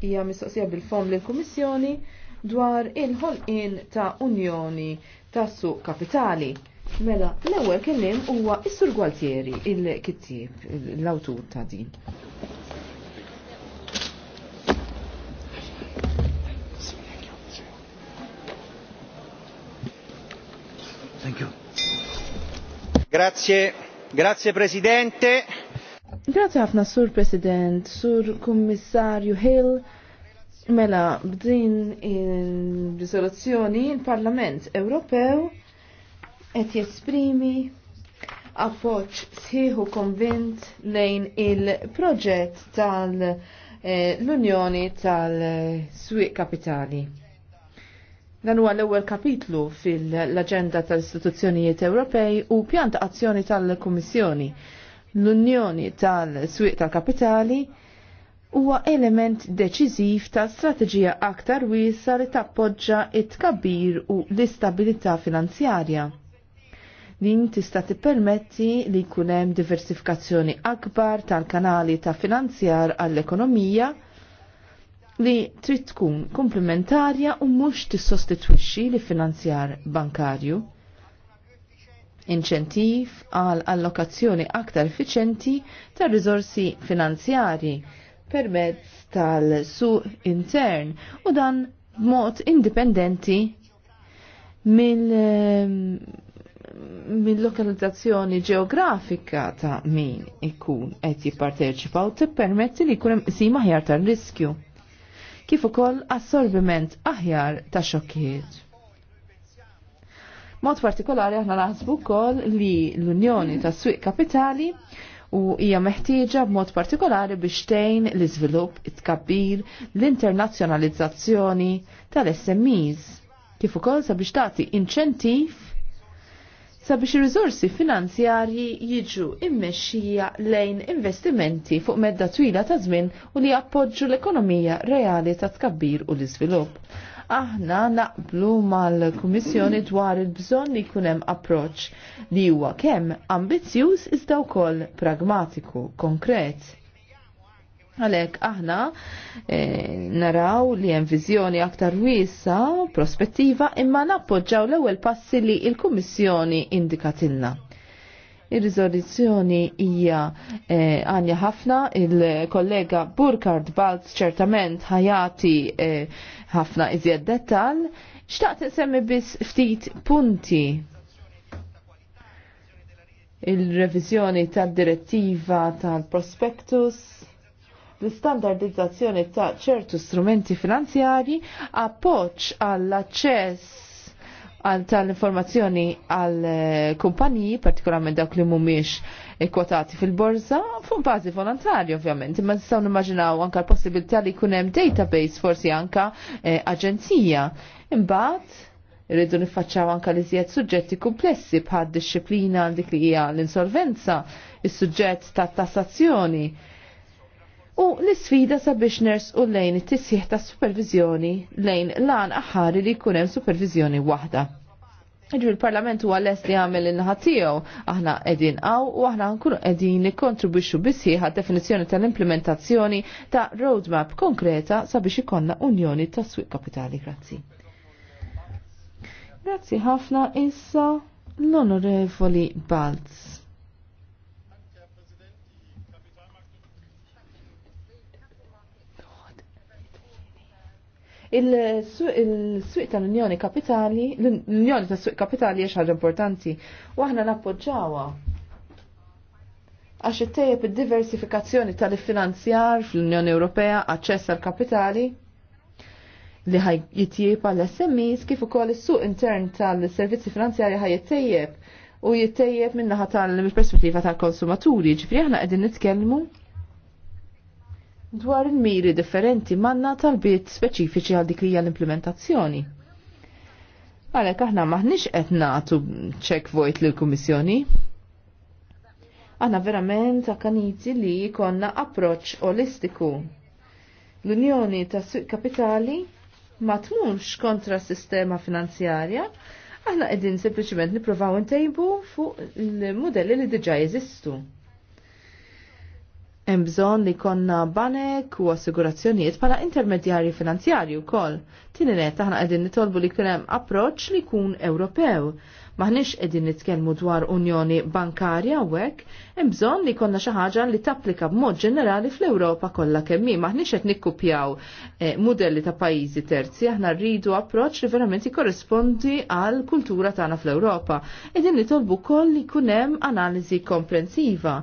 hija mistoqsija bil-fom lill-Kummissjoni dwar il-ħolqien ta' Unjoni ta' Suq Kapitali. Mela, l-ewwel kelliem huwa s-Sur Gualtieri, il-kittieb, l-awtur ta' din. Grazie, grazie Presidente. Grazie ħafna Sur President, Sur Kummissarju Hill. Mela, b'din il-risoluzzjoni il-Parlament Ewropew qed jesprimi appoġġ sħiħu konvint lejn il-proġett tal-Unjoni tal-Swieq Kapitali. Dan huwa l-ewwel kapitlu fil-Aġenda tal-Istituzzjonijiet Ewropej u pjanta azzjoni tal-Kummissjoni l-unjoni tal-swieq tal-kapitali huwa element deċiżiv ta' strateġija aktar wiesa li tappoġġa it-tkabbir u l-istabilità finanzjarja. Din tista' tippermetti li jkun hemm diversifikazzjoni akbar tal-kanali ta' finanzjar għall-ekonomija li trid tkun komplementarja u mhux tissostitwixxi li finanzjar bankarju inċentiv għal allokazzjoni aktar effiċenti ta' rizorsi finanzjari permezz tal-suq intern u dan mod indipendenti mill eh, mill-lokalizzazzjoni ġeografika ta' min ikun qed jipparteċipa u tippermetti li jkun hemm aħjar tar-riskju. Kif ukoll assorbiment aħjar ta' xokkijiet. Mod partikolari aħna naħsbu wkoll li l-Unjoni tas-Swieq Kapitali u hija meħtieġa b'mod partikolari biex tgħin l-iżvilupp, it-tkabbir, l-internazzjonalizzazzjoni tal-SMEs. Kif ukoll sabiex tagħti inċentiv sabiex ir-riżorsi finanzjarji jiġu immexxija lejn investimenti fuq medda twila ta' żmien u li appoġġu l-ekonomija reali ta' tkabbir u l-iżvilupp aħna naqblu mal-Kummissjoni dwar il-bżonn li jkun hemm approċċ li huwa kemm ambizzjuż iżda wkoll pragmatiku, konkret. Għalek aħna e, naraw li hemm viżjoni aktar wiesa, prospettiva, imma nappoġġaw l-ewwel passi li l-Kummissjoni indikatilna. Ir-rizoluzzjoni hija eh, għanja ħafna, il-kollega Burkard Balz ċertament ħajati eh, ħafna iżjed dettal, xtaqt semmi biss ftit punti il-revizjoni tad-direttiva tal-prospektus l-standardizzazzjoni ta' ċertu strumenti finanzjari appoċ għall-aċċess tal-informazzjoni għal eh, kumpaniji, partikolarment dawk li mhumiex kwotati fil-borza, fuq bazi volontarji ovvjament, imma nistgħu nimmaġinaw anke l-possibilità li jkun hemm database forsi anke eh, aġenzija. Imbagħad irridu niffaċċaw anka li zjed suġġetti komplessi bħad disċiplina għal dik li hija l-insolvenza, is-suġġett tat-tassazzjoni, u l-sfida sabiex ners u lejn it-tisħiħ ta' supervizjoni lejn lan aħħari li kunem supervizjoni waħda. Iġu l-Parlament huwa les li għamel il-ħatijaw, aħna edin għaw u aħna nkunu edin li bisħiħ għal definizjoni tal-implementazzjoni ta' roadmap konkreta sabiex ikonna unjoni ta' swik kapitali. Grazzi. Grazzi ħafna issa l-onorevoli Balz. Il-suq tal-Unjoni Kapitali, l-Unjoni tas-Suq Kapitali hija ħaġa importanti u aħna nappoġġawha. Għax ittejjeb id-diversifikazzjoni tal-finanzjar fl-Unjoni Ewropea aċċess għal kapitali li ħaj jitjieb għal SMEs kif ukoll is-suq intern tal-servizzi finanzjarji ħaj jittejjeb u jittejjeb minnaħa tal-perspettiva tal-konsumaturi, ġifri aħna qegħdin nitkellmu dwar il-miri differenti manna tal-bit speċifiċi għal dik hija l-implementazzjoni. Għalek aħna maħniex qed nagħtu check void lill-Kummissjoni. Aħna verament akkaniti li jkollna approċċ olistiku. L-Unjoni tas Suq Kapitali ma tmunx kontra s-sistema finanzjarja, aħna qegħdin sempliċement nippruvaw intejbu fuq il-modelli li diġà jeżistu hemm bżonn li konna banek u assigurazzjonijiet bħala intermedjarji finanzjarji wkoll. Tieni net aħna qegħdin nitolbu li kien hemm approċċ li jkun Ewropew. Maħniex qegħdin nitkellmu dwar Unjoni Bankarja u hekk, hemm bżonn li konna xi ħaġa li tapplika b'mod ġenerali fl-Ewropa kollha kemm hi. Maħniex qed nikkupjaw eh, modelli ta' pajjiżi terzi, aħna rridu approċċ li verament jikorrispondi għal kultura tagħna fl-Ewropa. Qegħdin nitolbu wkoll li jkun hemm analiżi komprensiva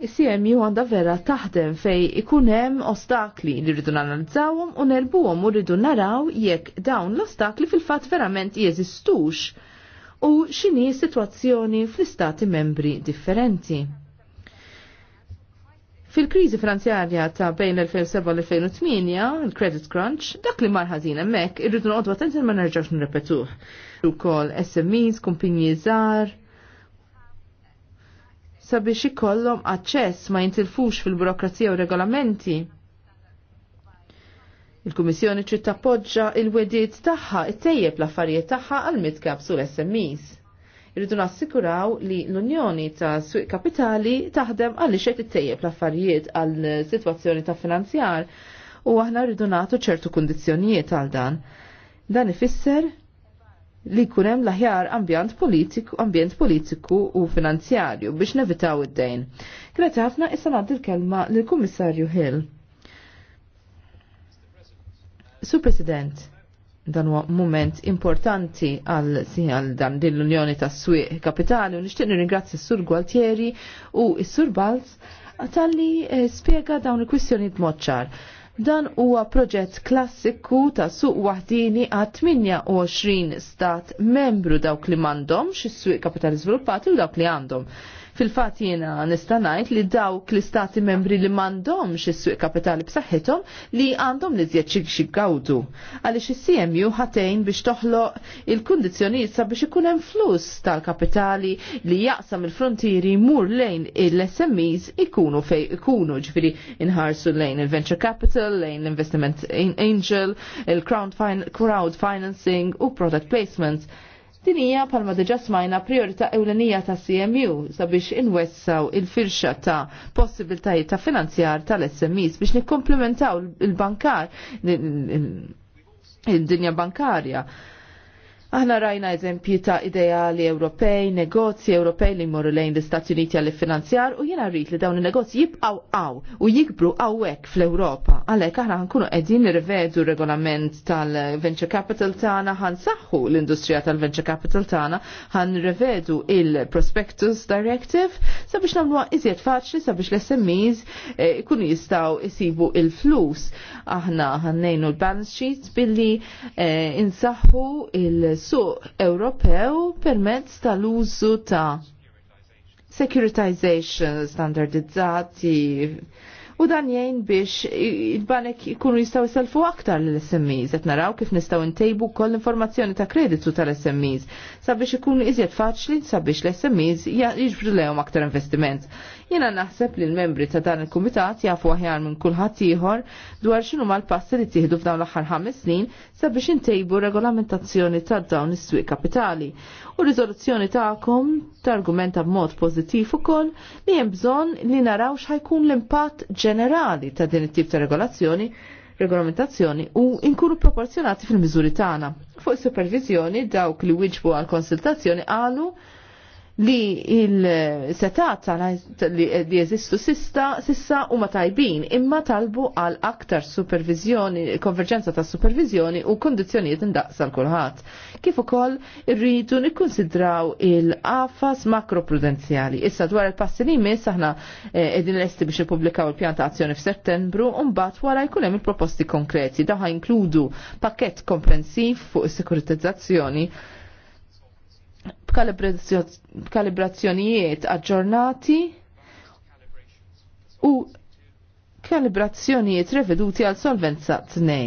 Is-CMU għanda vera taħdem fej ikunem ostakli li rridu nanalizzawhom u nerbuhom u rridu naraw jekk dawn l-ostakli fil-fatt verament jeżistux u x'inhi situazzjoni fl-istati membri differenti. Fil-krizi finanzjarja ta' bejn 2007-2008, il-credit crunch, dak li marħazin emmek, irridu noqdu attenzjon ma nerġax nirrepetuh. Ukoll SMEs, kumpinji żgħar, sabiex ikollhom aċċess ma jintilfux fil-burokrazija u regolamenti. Il-Kummissjoni trid tappoġġa il-wedijiet tagħha ittejjeb l-affarijiet tagħha għal midcap sul SMEs. Irridu nassikuraw li l-Unjoni ta' Suq Kapitali taħdem għal xejn ittejjeb l-affarijiet għal sitwazzjoni ta' finanzjar u aħna rridu nagħtu ċertu kundizzjonijiet għal dan. Dan ifisser li kunem laħjar ambjant politiku, ambjent politiku u finanzjarju biex nevitaw id-dejn. Grazie ħafna issa naddi l-kelma l-Kummissarju Hill. Sur President, dan huwa moment importanti għal signal dan din l-Unjoni tas swieq Kapitali u nixtieq nirringrazzja s-Sur Gualtieri u s-Sur Balz tal-li eh, spjega dawn il-kwistjoni b'mod ċar. Dan huwa proġett klassiku ta' suq waħdini għat 28 stat membru dawk li m'għandhomx is-suq kapitali u dawk li għandhom. Fil-fat jena nistanajt li dawk l-istati membri li mandomx is-suq kapitali b'saħħithom li għandhom li zjed xi gawdu. Għaliex is-CMU ħatejn biex toħloq il-kundizzjonijiet sabiex ikun hemm flus tal-kapitali li jaqsam il-frontieri mur lejn il-SMEs ikunu fej ikunu ġifiri inħarsu lejn il-venture capital, lejn l-investment angel, il crowd financing u product placements Din hija palma diġa smajna priorità ewlenija ta' CMU sabiex inwessaw il-firxa ta' possibiltajiet ta' finanzjar tal smis biex nikkomplementaw il-bankar, il-dinja bankarja. Il Aħna rajna eżempji ta' ideali Ewropej, negozji Ewropej li jmorru lejn l-Istati Uniti għall finanzjar u jiena rrit li dawn il-negozji jibqaw għaw u jikbru għawek fl-Ewropa. Għalhekk aħna ħankunu qegħdin nirvedu regolament tal-venture capital tagħna ħansaħħu l-industrija tal-venture capital tagħna, ħanrivedu il-prospectus directive sabiex nagħmluha iżjed faċli sabiex l-SMEs eh, ikunu jistgħu isibu il-flus. Aħna ħannejnu l-balance sheets billi eh, insaħħu il- fil-suq Ewropew permezz tal-użu ta' securitization standardizzati u dan jgħin biex il-banek ikunu jistaw jiselfu aktar l-SMEs, et naraw kif nistaw intejbu koll informazzjoni ta' kreditu tal-SMEs, sabiex ikunu iżjed faċli sabiex l-SMEs jiġbru lejhom aktar investiment. Jena naħseb li l-membri ta' dan il-Kumitat jafu aħjar minn kulħadd ieħor dwar x'inhu mal-passi li tieħdu f'dawn l-aħħar ħames snin sabiex intejbu regolamentazzjoni ta' dawn is-swieq kapitali. U riżoluzzjoni tagħkom targumenta b'mod pożittiv ukoll li hemm bżonn li naraw x'ħajkun l-impatt ġenerali ta' din it-tip ta' regolazzjoni regolamentazzjoni u inkunu proporzjonati fil-miżuri tagħna. Fuq supervizjoni dawk li wiġbu għal konsultazzjoni għalu li il-setat li jeżistu sista, sissa u ma tajbin imma talbu għal aktar supervizjoni, konverġenza ta' supervizjoni u kondizjoniet indaqsa għal kulħat Kif ukoll irridu nikkonsidraw il-qafas makroprudenzjali. Issa dwar il-passi li jmiss aħna eh, edin lesti biex ippubblikaw il-pjan ta' azzjoni f'Settembru u mbagħad wara jkun hemm il-proposti konkreti. Daħ inkludu pakket komprensiv fuq is-sekuritizzazzjoni b'kalibrazzjonijiet aġġornati u kalibrazzjonijiet reveduti għal solvenza tnej.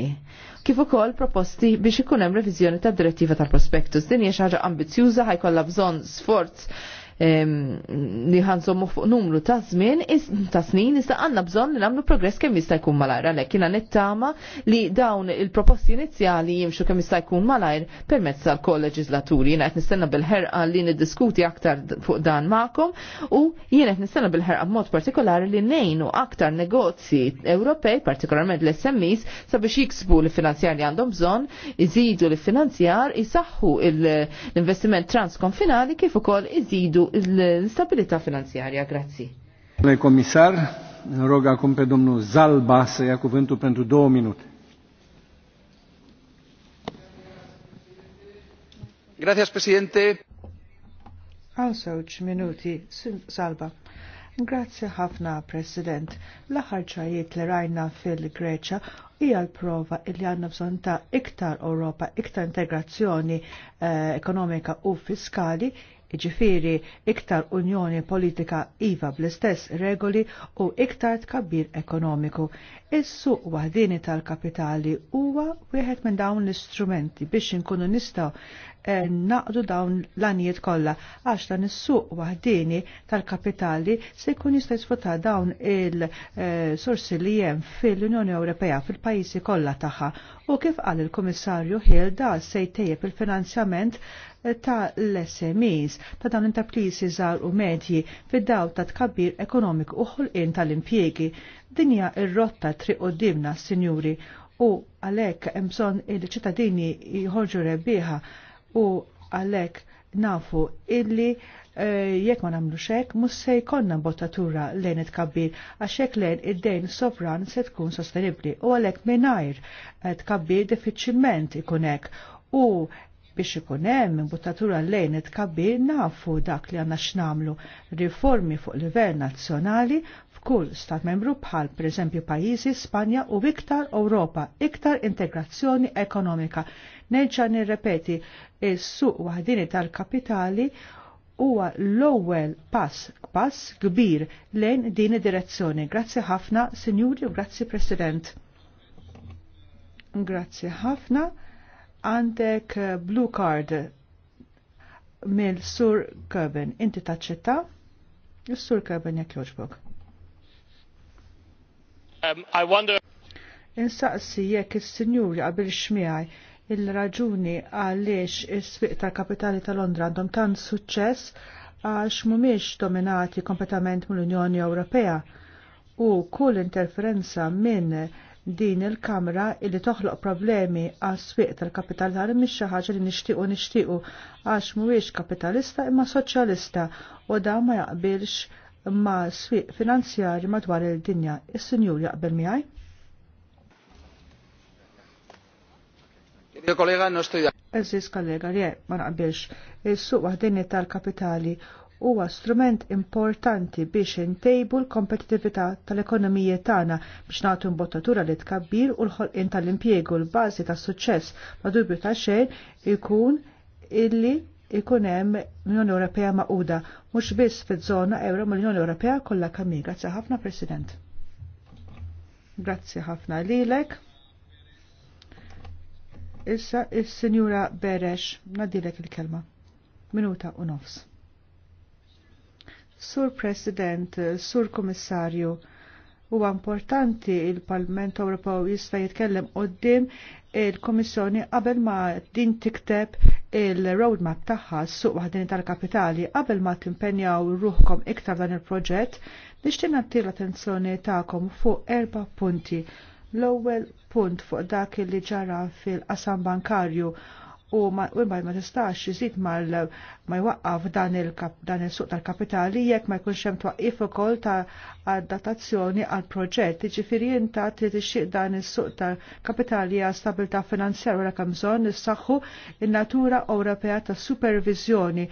Kif ukoll proposti biex ikun hemm reviżjoni tad-direttiva tal-prospektus. Din hija xi ħaġa ambizzjuża ħajkollha bżonn sforz li ħansommu fuq numru ta' żmien ta' snin issa għandna bżonn li nagħmlu progress kemm jista' jkun malajr għalhekk jiena nittama li dawn il-proposti inizjali jimxu kemm jista' jkun malajr permezz tal-kolleġislaturi. Jiena qed nistenna bil-ħerqa li niddiskuti aktar fuq dan magħkom u jiena qed nistenna bil-ħerqa b'mod partikolari li nejnu aktar negozji Ewropej, partikolarment l-SMEs, sabiex jiksbu l-finanzjar li għandhom bżonn, iżidu l-finanzjar, isaħħu l-investiment transkonfinali kif ukoll iżidu l-stabilità finanzjarja. Grazzi. Komissar, roga acum pe Zalba se ia cuvântul pentru două minute. Grazie, Presidente. Also, minuti, Salva. Grazie, ħafna, President. L-aħħar li rajna fil-Greċa hija l-prova li għandna bżonn ta' iktar Europa, iktar integrazzjoni eh, ekonomika u fiskali iġifiri iktar unjoni politika iva bl-istess regoli u iktar tkabbir ekonomiku. Is-suq waħdini tal-kapitali huwa wieħed minn dawn l-istrumenti biex inkunu nistgħu Eh, naqdu dawn l-anijiet kollha għax dan is-suq waħdini tal-kapitali se jkun jista' jisfrutta dawn il-sorsi li hemm fil-Unjoni Ewropea fil-pajjiżi kollha tagħha u kif qal il-Kummissarju Hill da se jtejjeb il-finanzjament ta' l-SMEs ta' dawn interprisi żgħar u medji fid-daw ta' tkabbir ekonomiku u ħolqien tal-impjiegi. Dinja ir-rotta triq qudiemna, sinjuri, u għalhekk hemm bżonn il-ċittadini jħorġu rebbieħa u għalhekk nafu illi eh, jekk ma namlu xek mus se jkollna bottatura lejn it-kabbir għax hekk lejn id-dejn sovran se tkun sostenibbli u għalhekk mingħajr eh, tkabbir diffiċilment ikun hekk u biex ikun hemm bottatura lejn it-kabbir nafu dak li għandna x'namlu riformi fuq livell nazzjonali f'kull stat membru bħal pereżempju pajjiżi Spanja u iktar Ewropa, iktar integrazzjoni ekonomika. Nerġa' nirrepeti is-suq waħdini tal-kapitali huwa l-ewwel pass pass kbir lejn din id-direzzjoni. Grazzi ħafna, Sinjuri, u grazzi President. Grazzi ħafna. Għandek eh, blue card mill-Sur Köben. Inti taċċetta? il sur Kerben jekk joġbok. Um, I wonder... Insaqsi jekk is-sinjur qabel xmiegħi il-raġuni għaliex is-swieq tal-kapitali ta' Londra għandhom tant suċċess għax mhumiex dominati kompletament mill-Unjoni Ewropea u kull interferenza minn din il-kamra illi toħloq problemi għas swieq tal kapitali tal mhix xi ħaġa li nixtiequ nixtiequ għax mhuwiex kapitalista imma soċjalista u da ma jaqbilx ma' swieq finanzjari madwar il-dinja. Is-Sinjur jaqbel miħaj? Il kollega nostri Eżis kollega, rie, ma naqbilx. Is-suq waħdini tal-kapitali huwa strument importanti biex intejbu l-kompetitività tal-ekonomija tagħna biex nagħtu imbottatura li tkabbir u l-ħolqien tal-impjegu l-bażi tas-suċċess ma dubju ta' xejn ikun illi ikun hemm l-Unjoni Ewropea maquda mhux biss fiż-żona euro mill-Unjoni Ewropea kollha kemm Grazzi ħafna President. Grazzi ħafna lilek. Issa is-Sinjura Beresh nadilek il-kelma. Minuta u nofs. Sur President, Sur Komissarju, Huwa importanti il-Parlament Ewropew jista' jitkellem qoddim il kommissjoni qabel ma din tikteb il-roadmap tagħha suq waħdin tal-kapitali qabel ma timpenjaw ruħkom iktar dan il-proġett biex nagħti l-attenzjoni tagħkom fuq erba' punti. L-ewwel punt fuq dak li ġara fil-qasam bankarju u ma ma tistax jizid ma jwaqqaf dan il-suq tal-kapitali jekk ma jkunx hemm twaqqif ukoll ta' adattazzjoni għal proġett. Jiġifieri inta trid ixtieq dan is-suq tal-kapitali għal stabilità finanzjarja wara kemm bżonn nissaħħu in-natura Ewropea ta' supervizjoni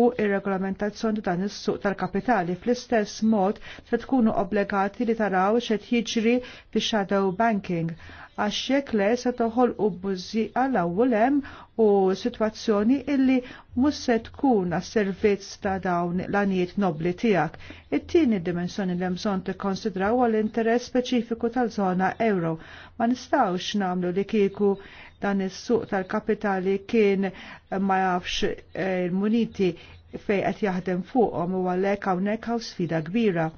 u ir-regolamentazzjoni dan is-suq tal-kapitali fl-istess mod se tkunu obbligati li taraw xed jiġri fix-shadow banking għax jekk le se toħolqu bbużija l-ewwel hemm u sitwazzjoni illi mhux se tkun għas-servizz ta' dawn l-anijiet nobli tiegħek. It-tieni dimensjoni li hemm bżonn tikkonsidraw għal interess speċifiku tal-żona euro. Ma nistgħux nagħmlu li kieku dan is-suq tal-kapitali kien ma jafx il-muniti eh, fej qed jaħdem fuqhom u għalhekk hawnhekk hawn sfida kbira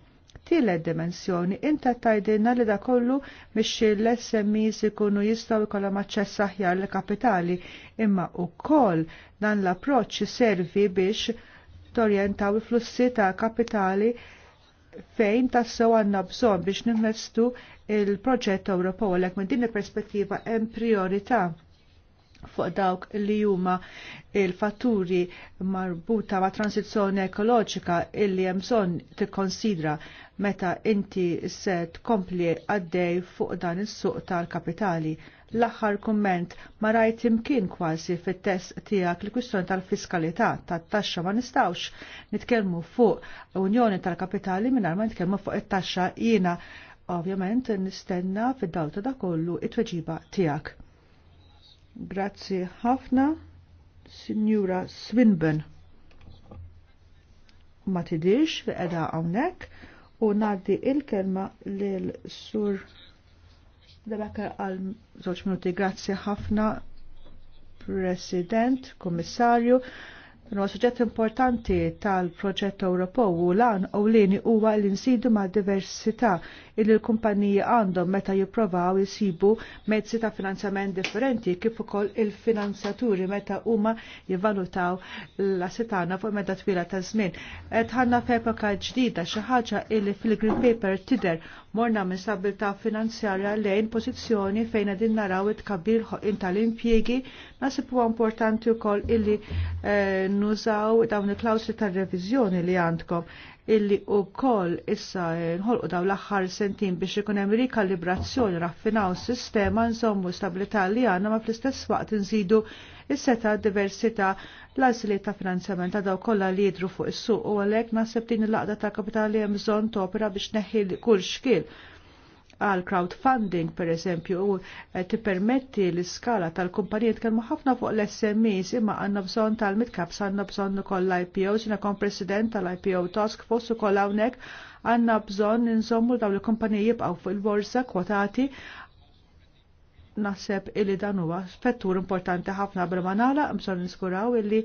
tielet dimensjoni. Inta tajdilna li da kollu biex l-SMEs ikunu jistaw ikollhom aċċess aħjar l kapitali imma koll dan l-approċċ servi biex torjentaw il-flussi ta' kapitali fejn tassew għanna bżon biex nimmestu il-proġett Ewropew għalhekk minn din il-perspettiva hemm priorità fuq dawk li huma il-fatturi marbuta ma' transizzjoni ekoloġika illi hemm bżonn tikkonsidra meta inti se tkompli għaddej fuq dan is-suq tal-kapitali. L-aħħar kumment ma rajt imkien kważi fit-test tiegħek li kwistjoni tal-fiskalità tat-taxxa ma nistgħux nitkellmu fuq Unjoni tal-Kapitali mingħajr ma nitkellmu fuq it-taxxa jiena ovvjament nistenna fid-dawl ta' kollu it-tweġiba tiegħek. Grazzi ħafna, Signora Swinburne. Ma tidix li edha għawnek u naddi il-kelma l-sur Debaka għal zoċ minuti. Grazzi ħafna, President, Komissarju. Dan huwa suġġett importanti tal-proġett Ewropew u lan ewlieni huwa l insidu mad diversità li l-kumpaniji għandhom meta jipprovaw isibu mezzi ta' finanzjament differenti kif ukoll il-finanzjaturi meta huma jivvalutaw l-assitana fuq meta twila ta' żmien. Qed ħanna f'epoka ġdida xi ħaġa illi fil-Green Paper tidher morna minn stabilità finanzjarja lejn pożizzjoni fejn qegħdin naraw it-kabbir tal-impjiegi nasib huwa importanti wkoll illi eh, nużaw dawn il-klawsli tar-reviżjoni li għandkom illi u koll issa nħolqu daw l-axħar sentin biex ikun hemm rikalibrazzjoni raffinaw s-sistema nżommu stabilità li għandna ma fl-istess waqt nżidu is-seta diversità l-għażliet ta' finanzjament ta' daw kollha li jidru fuq is-suq u għalhekk naħseb din il-laqda ta' kapitali hemm bżonn topra biex neħil kull xkil għal crowdfunding per eżempju u eh, tippermetti l-iskala tal-kumpanijiet kemm ħafna fuq l-SMEs imma għandna bżonn tal-midcaps għandna bżonn ukoll l-IPOs jiena kon president tal-IPO Task Force ukoll hawnhekk għandna bżonn insommu dawn il-kumpaniji jibqgħu fuq il-borsa kwotati naħseb illi dan huwa fettur importanti ħafna bil-manala bżonn niskuraw illi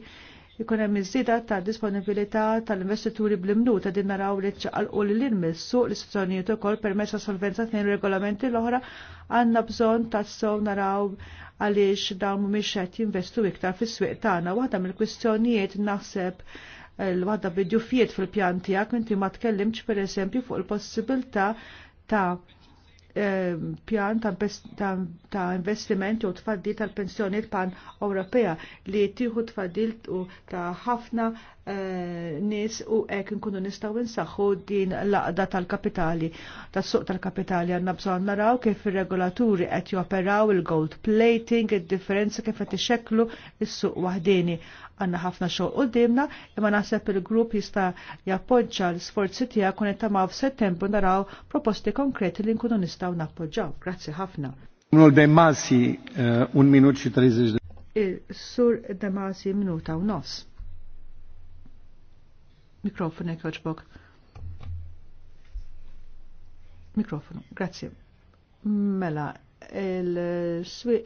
jkun hemm iżida ta' disponibilità tal-investituri bl ta din naraw li ċaqalqu lil l-inmissu l-istituzzjonijiet ukoll permezz ta' solvenza tnejn regolamenti l-oħra għandna bżonn tassew naraw għaliex dawn mhumiex qed jinvestu iktar fis-swieq tagħna. Waħda mill-kwistjonijiet naħseb l-waħda eh, bidjufijiet fil-pjan tiegħek inti ma tkellimx pereżempju fuq il-possibilità ta' Ehm, pjan ta' investiment u tfaddil tal-pensjoniet pan Ewropea li tieħu tfaddil ta' ħafna ehm, nies u hekk nkunu nistgħu nsaħħu din l tal-kapitali tas-suq tal-kapitali għandna bżonn naraw kif ir-regolaturi qed joperaw il-gold plating, id differenza kif qed ixekklu il suq wahdini għanna ħafna xogħol dimna, imma naħseb il-grupp jista' jappoġġa l-sforzi tiegħek kun qed settembru naraw proposti konkreti li nkunu nistaw nappoġġaw. Grazzi ħafna. Unul Demasi, eh, un minut xi Sur Demasi minuta u nofs. Mikrofon ekkoġbok. Mikrofonu, grazzi. Mela, il swi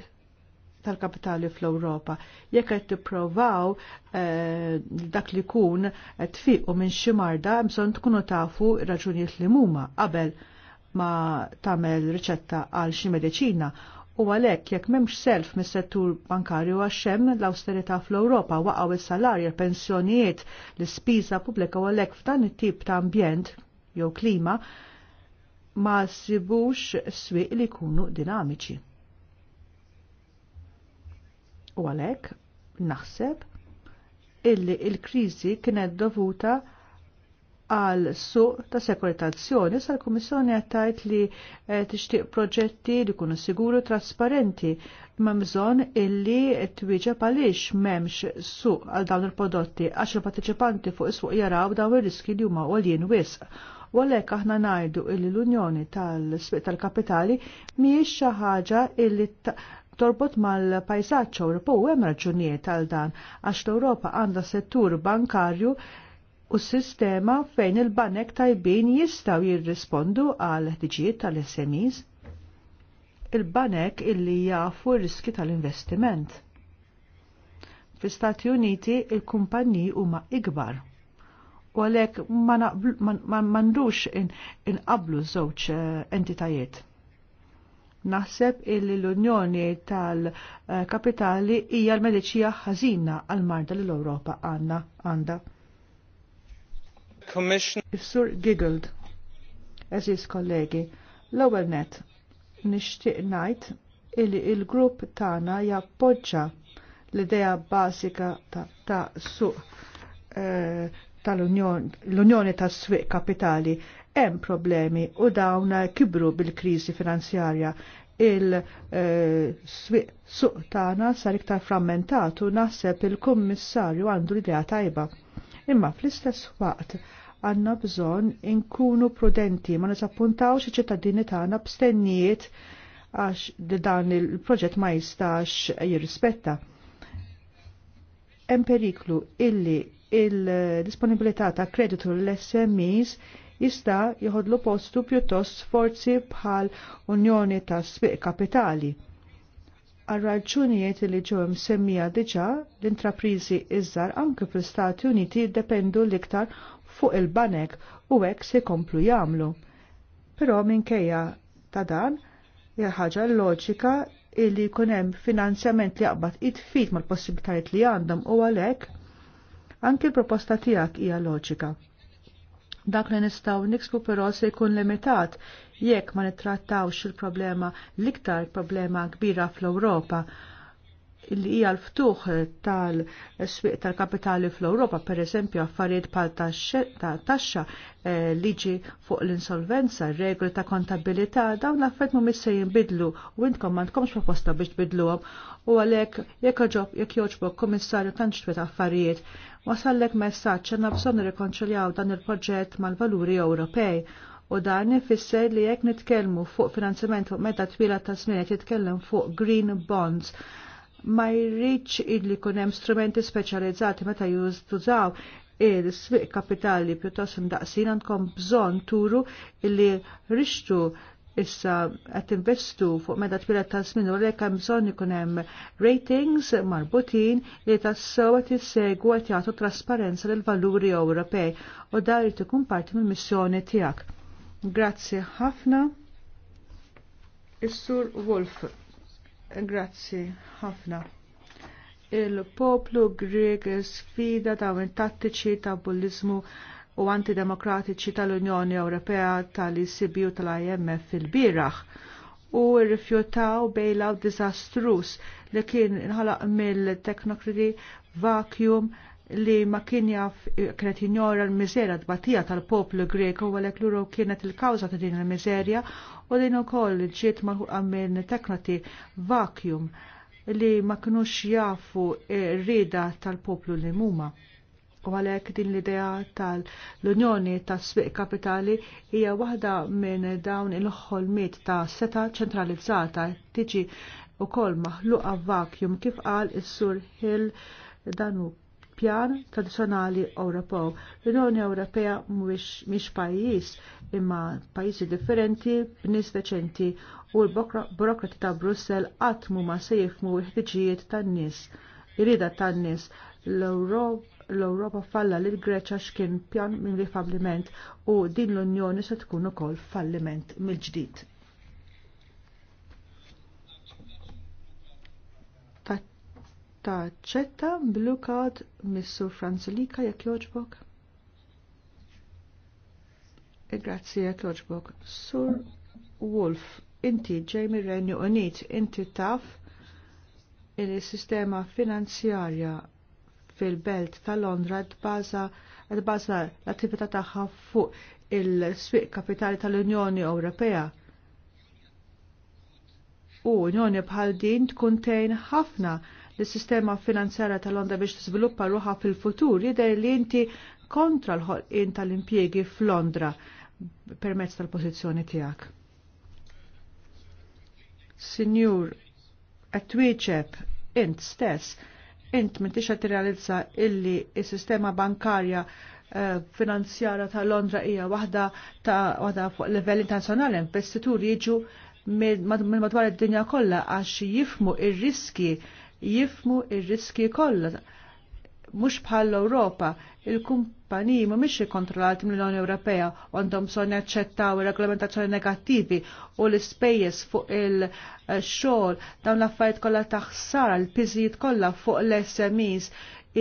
tal-kapitali fl-Ewropa. Jekk qed tipprovaw eh, dak li kun tfiqu minn xi marda bżonn tkunu tafu raġunijiet li huma qabel ma tagħmel riċetta għal xi mediċina u għalhekk jekk m'hemmx self mis-settur bankarju għax hemm l-awsterità fl-Ewropa waqgħu is-salarji, pensjonijiet l-ispiża pubblika u għalhekk f'dan it-tip ta' ambjent jew klima ma sibux swieq li jkunu dinamiċi. U għalhekk naħseb illi il-kriżi kienet dovuta għal suq ta' sekuritazzjoni l kummissjoni għattajt li eh, tixtieq proġetti li kunu siguru trasparenti ma' mżon illi twieġeb għaliex memx suq għal dawn il-prodotti għax il-partiċipanti fuq is-suq jaraw dawn ir-riski li huma għoljen wisq. Walek aħna najdu illi l-Unjoni tal-Sbiq tal-Kapitali miex xi ħaġa illi torbot mal-pajsaċċa Ewropew hemm raġunijiet għal dan għax l-Ewropa għandha settur bankarju u sistema fejn il-banek tajbin jistaw jirrispondu għal ħtiġijiet tal-SMEs. Il-banek illi jafu riski tal-investiment. Fi-Stati Uniti il-kumpanji huma ikbar u għalhekk ma mandux inqablu żewġ eh, entitajiet. Naħseb illi l-Unjoni tal-Kapitali hija l-mediċija ħażina għal marda l europa għandna għandha. sur Giggled, eżis kollegi, l-ewwel net nixtieq ngħid illi il-grupp tagħna jappoġġa l-idea bażika ta', suq eh, tal-Unjoni tas-swieq kapitali hemm problemi u dawn kibru bil-kriżi finanzjarja il-suq eh, tagħna sar iktar frammentatu naħseb il-kummissarju għandu l-idea tajba. Imma fl-istess waqt għanna bżon inkunu prudenti ma nisappuntawx iċ-ċittadini tagħna b'stennijiet għax dan il-proġett ma jistax jirrispetta. Hemm periklu illi il-disponibilità ta' kreditu l-SMEs jista' jħodlu postu pjuttost forzi bħal Unjoni ta' Sbiq Kapitali. Għal raġunijiet li ġew semmija diġà l-intraprizi iżżar anke fl-Stati Uniti jiddependu l-iktar fuq il-banek u hekk se jkomplu jagħmlu. Però minkejja ta' dan, hija ħaġa loġika illi jkun hemm finanzjament li jaqbad it-fit mal-possibilitajiet li għandhom u għalhekk anke l-proposta tiegħek hija loġika dak li nistaw niksbu però se jkun limitat jekk ma nittrattawx il-problema l-iktar problema kbira fl-Ewropa li hija l-ftuħ tal-swieq tal-kapitali fl-Ewropa, per eżempju affarijiet bħal taxxa eh, liġi fuq l-insolvenza, regoli ta' kontabilità, dawn l-affarijiet mhumiex se jinbidlu u intkom m'għandkomx proposta biex tbidluhom u għalhekk jekk jekk joġbok komissarju tantx affarijiet wasallek messaġġ għandna bżonn irrikonċiljaw dan il-proġett mal-valuri Ewropej u dan ifisser li jekk nitkellmu fuq finanzjament fuq meta twila ta' żmien qed jitkellem fuq green bonds ma jridx illi kun hemm strumenti speċjalizzati meta jużaw il-swiq kapitali pjuttost imdaqsin għandkom bżonn turu illi rixtu issa qed investu fuq meta twila ta' żmien u lek hemm bżonn ikun hemm ratings marbutin li tassew qed jissegwu għat jgħatu trasparenza l valuri Ewropej u dar irid ikun parti mill-missjoni tiegħek. Grazzi ħafna. Is-Sur Wolf. Grazzi ħafna il-poplu Grieg sfida ta' tattiċi ta' bullizmu u antidemokratiċi tal-Unjoni Ewropea tal-ICB u tal-IMF fil-biraħ u rrifjutaw bejlaw dizastrus li kien inħalaq mill-teknokriti vacuum li ma kien jaf kienet ignora l-mizera tbatija tal-poplu Greku u għalek l kienet il-kawza ta' din l-mizerja u din ukoll ġiet maħuqa minn teknati vacuum li ma kinux jafu eh, rida tal-poplu li muma. U għalhekk din l-idea tal-Unjoni tas-Sbiq Kapitali hija waħda minn dawn il-ħolmiet ta' seta ċentralizzata tiġi wkoll maħluqa vacuum kif qal is-Sur Hill danu pjan tradizzjonali Ewropew. L-Unjoni Ewropea mhix pajjiż imma pajjiżi differenti b'nies deċenti u l-burokrati ta' Brussell qatt ma se jifmu l-ħtiġijiet tan-nies. Irida tan-nies l-Ewropa l-Ewropa falla l Greċa x'kien pjan minn li falliment u din l-Unjoni se tkun ukoll falliment mill-ġdid. Taċċetta blue card missu Franzolika jekk joġbok? E, grazzi jekk joġbok. Sur Wolf, inti Jamie mir-Renju Unit, inti taf il-sistema finanzjarja fil-belt ta' Londra d-baza l-attività tagħha fuq il-swieq kapitali tal-Unjoni Ewropea. U Unjoni bħal din tkun ħafna lis sistema finanzjarja ta' Londra biex tiżviluppa ruħa fil-futur jidher li inti kontra l-ħolqien tal-impjiegi f'Londra permezz tal pozizjoni tiegħek. Signor qed int stess int m'intix qed tirrealizza illi s-sistema bankarja eh, finanzjara ta' Londra hija waħda ta' waħda fuq livell internazzjonali investituri jiġu minn madwar id-dinja kollha għax jifmu ir-riski jifmu ir-riski kollha mhux bħal l-Ewropa, il-kumpaniji mhumiex ikkontrollati mill-Unjoni Ewropea għandhom bżonn jaċċettaw il reglamentazzjoni negattivi u l-ispejjeż fuq il-xogħol dawn l-affarijiet kollha taħsar l-piżijiet kollha fuq l-SMEs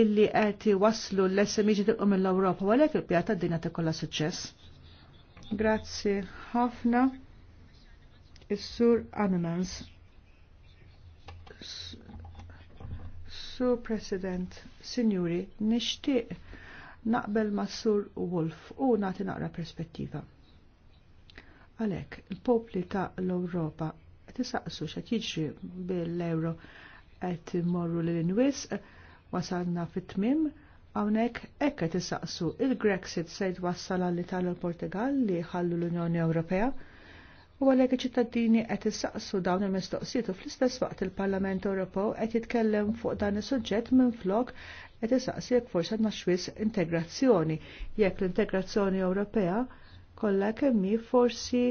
illi qed waslu l-SMEs jitilqu mill-Ewropa u għalhekk il-pjata d-dinja tikollha suċċess. Grazzi ħafna. Is-Sur Anunans. Sur President, Sinjuri, nixtieq naqbel ma' Sur Wolf u nagħti naqra perspettiva. Għalhekk, il-popli ta' l-Ewropa tisaqsu xat jiġri bil-euro qed morru l inwis wasalna fit-tmim hawnhekk hekk qed il-Grexit se jwassal għall tal portugal li ħallu l-Unjoni Ewropea u għalek ċittadini qed issaqsu dawn il-mistoqsijiet u fl-istess waqt il-Parlament Ewropew qed jitkellem fuq dan is-suġġett minflok qed isaqsi jekk forsi għandna xwiss integrazzjoni jekk l-integrazzjoni Ewropea kollha kemm forsi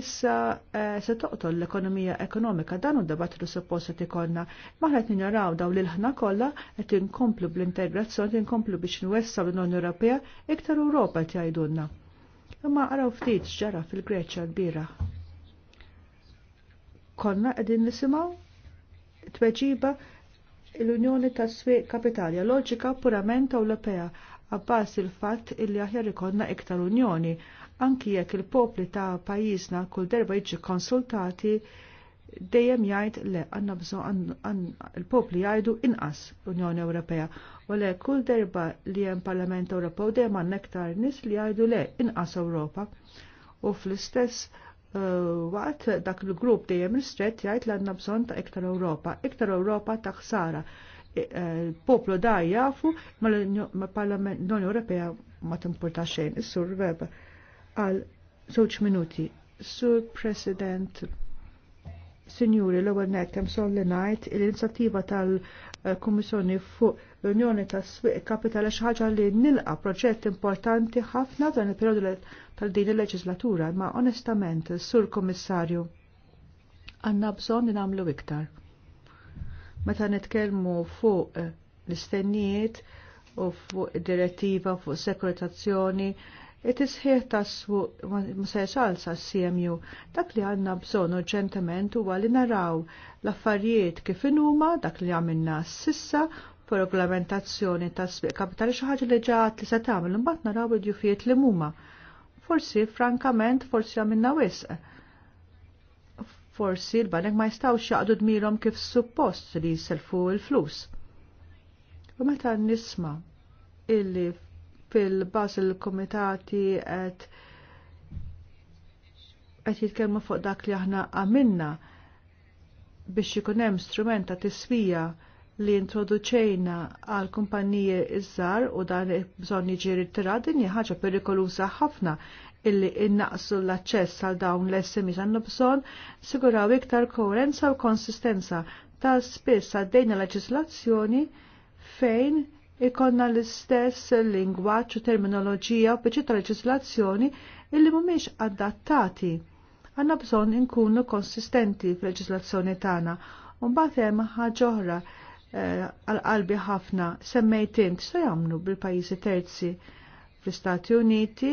issa eh, se toqtol l-ekonomija ekonomika dan u debattu suppost qed ikollna. Maħna qed ninjoraw dawn l-ħna kollha qed inkomplu bl-integrazzjoni, inkomplu biex nwessaw l-Unjoni Ewropea iktar Ewropa qed jgħidulna. Imma għaraw ftit ġara fil-Greċja bira Konna qegħdin nisimgħu tweġiba l-Unjoni tas-Swieq Kapitalja loġika purament Ewropea għabbas il-fatt illi aħjar ikonna iktar Unjoni, anki jekk il-popli ta' pajjiżna kull derba jiġi konsultati dejjem jgħid le għandna bżonn il-popli jgħidu inqas l Unjoni Ewropea U le kull derba li hemm Parlament Ewropew dejjem għandna iktar nis li jgħidu le inqas Ewropa. U fl-istess uh, waqt dak il-grupp dejjem ristret jgħid li għandna bżonn ta' iktar Ewropa, iktar Ewropa ta' ħsara. Uh, poplu da jafu ma l-Parlament l-Unjoni Ewropea ma timpurta xejn. Is-Sur Web għal żewġ minuti. Sur President Signuri l-ewwel nett hemm solli ngħid l-inizjattiva tal-Kummissjoni fuq l-Unjoni tas-Swieq Kapitali xi ħaġa li nilqa' proġett importanti ħafna dan il-perjodu tal-din il-leġislatura, ma onestament, sur Kummissarju, għandna bżonn li nagħmlu iktar. Meta nitkellmu fuq eh, l-istennijiet u fuq direttiva fuq sekuritazzjoni, it here tas-suq ma se salsa CMU. Dak li għandna bżonn urġentement huwa li naraw l-affarijiet kif inuma, dak li għamilna sissa fu regolamentazzjoni tas-sbiq kapitali xi ħaġa li ġaħat li se tagħmel imbagħad naraw id-jufijiet li muma, Forsi frankament forsi għamilna wisq. Forsi l-banek ma jistgħux jaqdu dmirhom kif suppost li jselfu il flus U meta nisma' illi fil-Basel komitati qed qed jitkellmu fuq dak li aħna għamilna biex ikun hemm strumenta tisfija li introduċejna għal kumpanije iż-żar u dan bżonn jiġi rittirat din hija ħaġa perikoluża ħafna illi innaqsu l-aċċess għal dawn l-SMI għandu bżonn siguraw iktar koerenza u konsistenza ta' spiss għaddejna leġislazzjoni fejn ikonna l-istess lingwaċ u terminoloġija u bieċi ta' leġislazzjoni illi mhumiex adattati. Għandna bżonn inkunu konsistenti fil-leġislazzjoni tana. Mbagħad hemm ħaġa oħra eh, għal-qalbi ħafna semmejt so jamnu jagħmlu bil-pajjiżi terzi fl-Istati Uniti,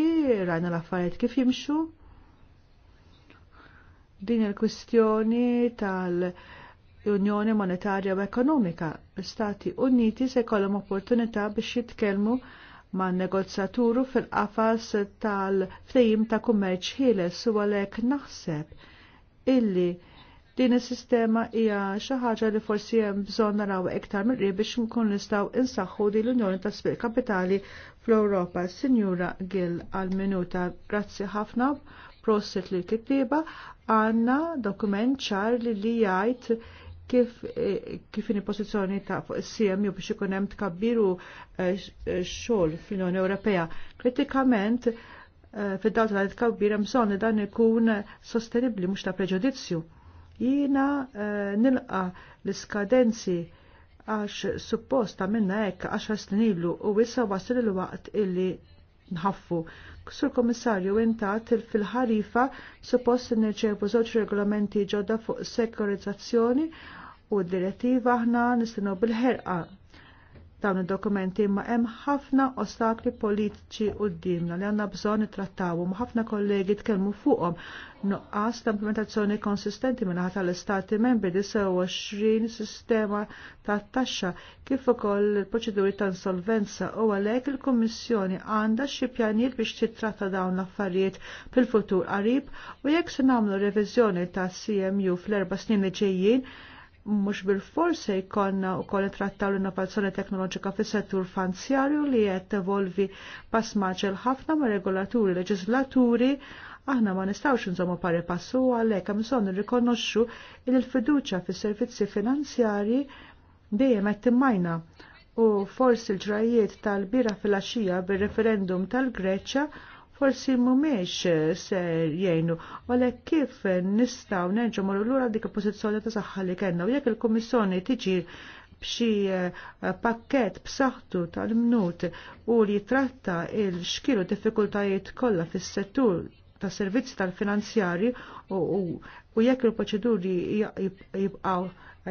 rajna l-affarijiet kif jimxu. Din il-kwistjoni tal- Unjoni Monetarja u Ekonomika, l-Stati Uniti se jkollhom opportunità biex jitkellmu ma' negozjaturu fil-qafas tal-ftejim ta' kummerċ ħieles u għalhekk naħseb illi din is-sistema hija xi ħaġa li forsi hemm bżonn naraw iktar mill biex nkun nistgħu insaħħu din l-Unjoni tas Sbiq Kapitali fl-Ewropa. Sinjura Gill għal-minuta, grazzi ħafna prosit li kittiba għanna dokument ċar li li jgħid kif kif in pożizzjoni ta' fuq is jew biex ikun hemm tkabbiru eh, xogħol fl-Unjoni Ewropea. Kritikament eh, fid-dawl ta' tkabbir hemm bżonn dan ikun sostenibbli mhux ta' preġudizzju. Jiena eh, nilqa l-iskadenzi għax supposta minna hekk għaxar snin ilu u issa wasil il-waqt illi nħaffu. Sur komissarju intat fil-ħarifa suppost nirċevu żewġ regolamenti ġodda fuq sekurizzazzjoni u d-direttiva aħna nistinu bil-ħerqa dawn id-dokumenti ma hemm ħafna ostakli politiċi d-dimna li għandna bżonn Ma ħafna kollegi tkellmu fuqhom nuqqas ta' implementazzjoni konsistenti minn ħata tal-istati membri di 20 sistema ta' taxxa kif ukoll il-proċeduri ta' insolvenza u għalhekk il-Kummissjoni għandha xi pjanijiet biex titratta dawn l-affarijiet fil-futur qarib u jekk se nagħmlu reviżjoni ta' CMU fl-erba' snin li ġejjin mhux bil-fors jikonna jkollna wkoll trattaw l-innovazzjoni teknoloġika fis-settur finanzjarju li qed tevolvi pass maġel ħafna ma' regolaturi leġislaturi aħna ma nistawx nżomu pari passu għalhekk hemm bżonn irrikonoxxu il l-fiduċja fis-servizzi finanzjarji dejjem qed timmajna u forsi l-ġrajiet tal-bira fil axija bil referendum tal greċja forsi mumiex ser jgħinu, għale kif nistaw nerġu marru l-ura dik il-pozizjoni ta' saħħa li kena u jekk il komissjoni tiġi b'xi eh, pakket b'saħħtu tal-mnut u li tratta il-xkilu diffikultajiet kollha fis-settur ta' servizzi tal-finanzjari u jekk il-proċeduri jibqaw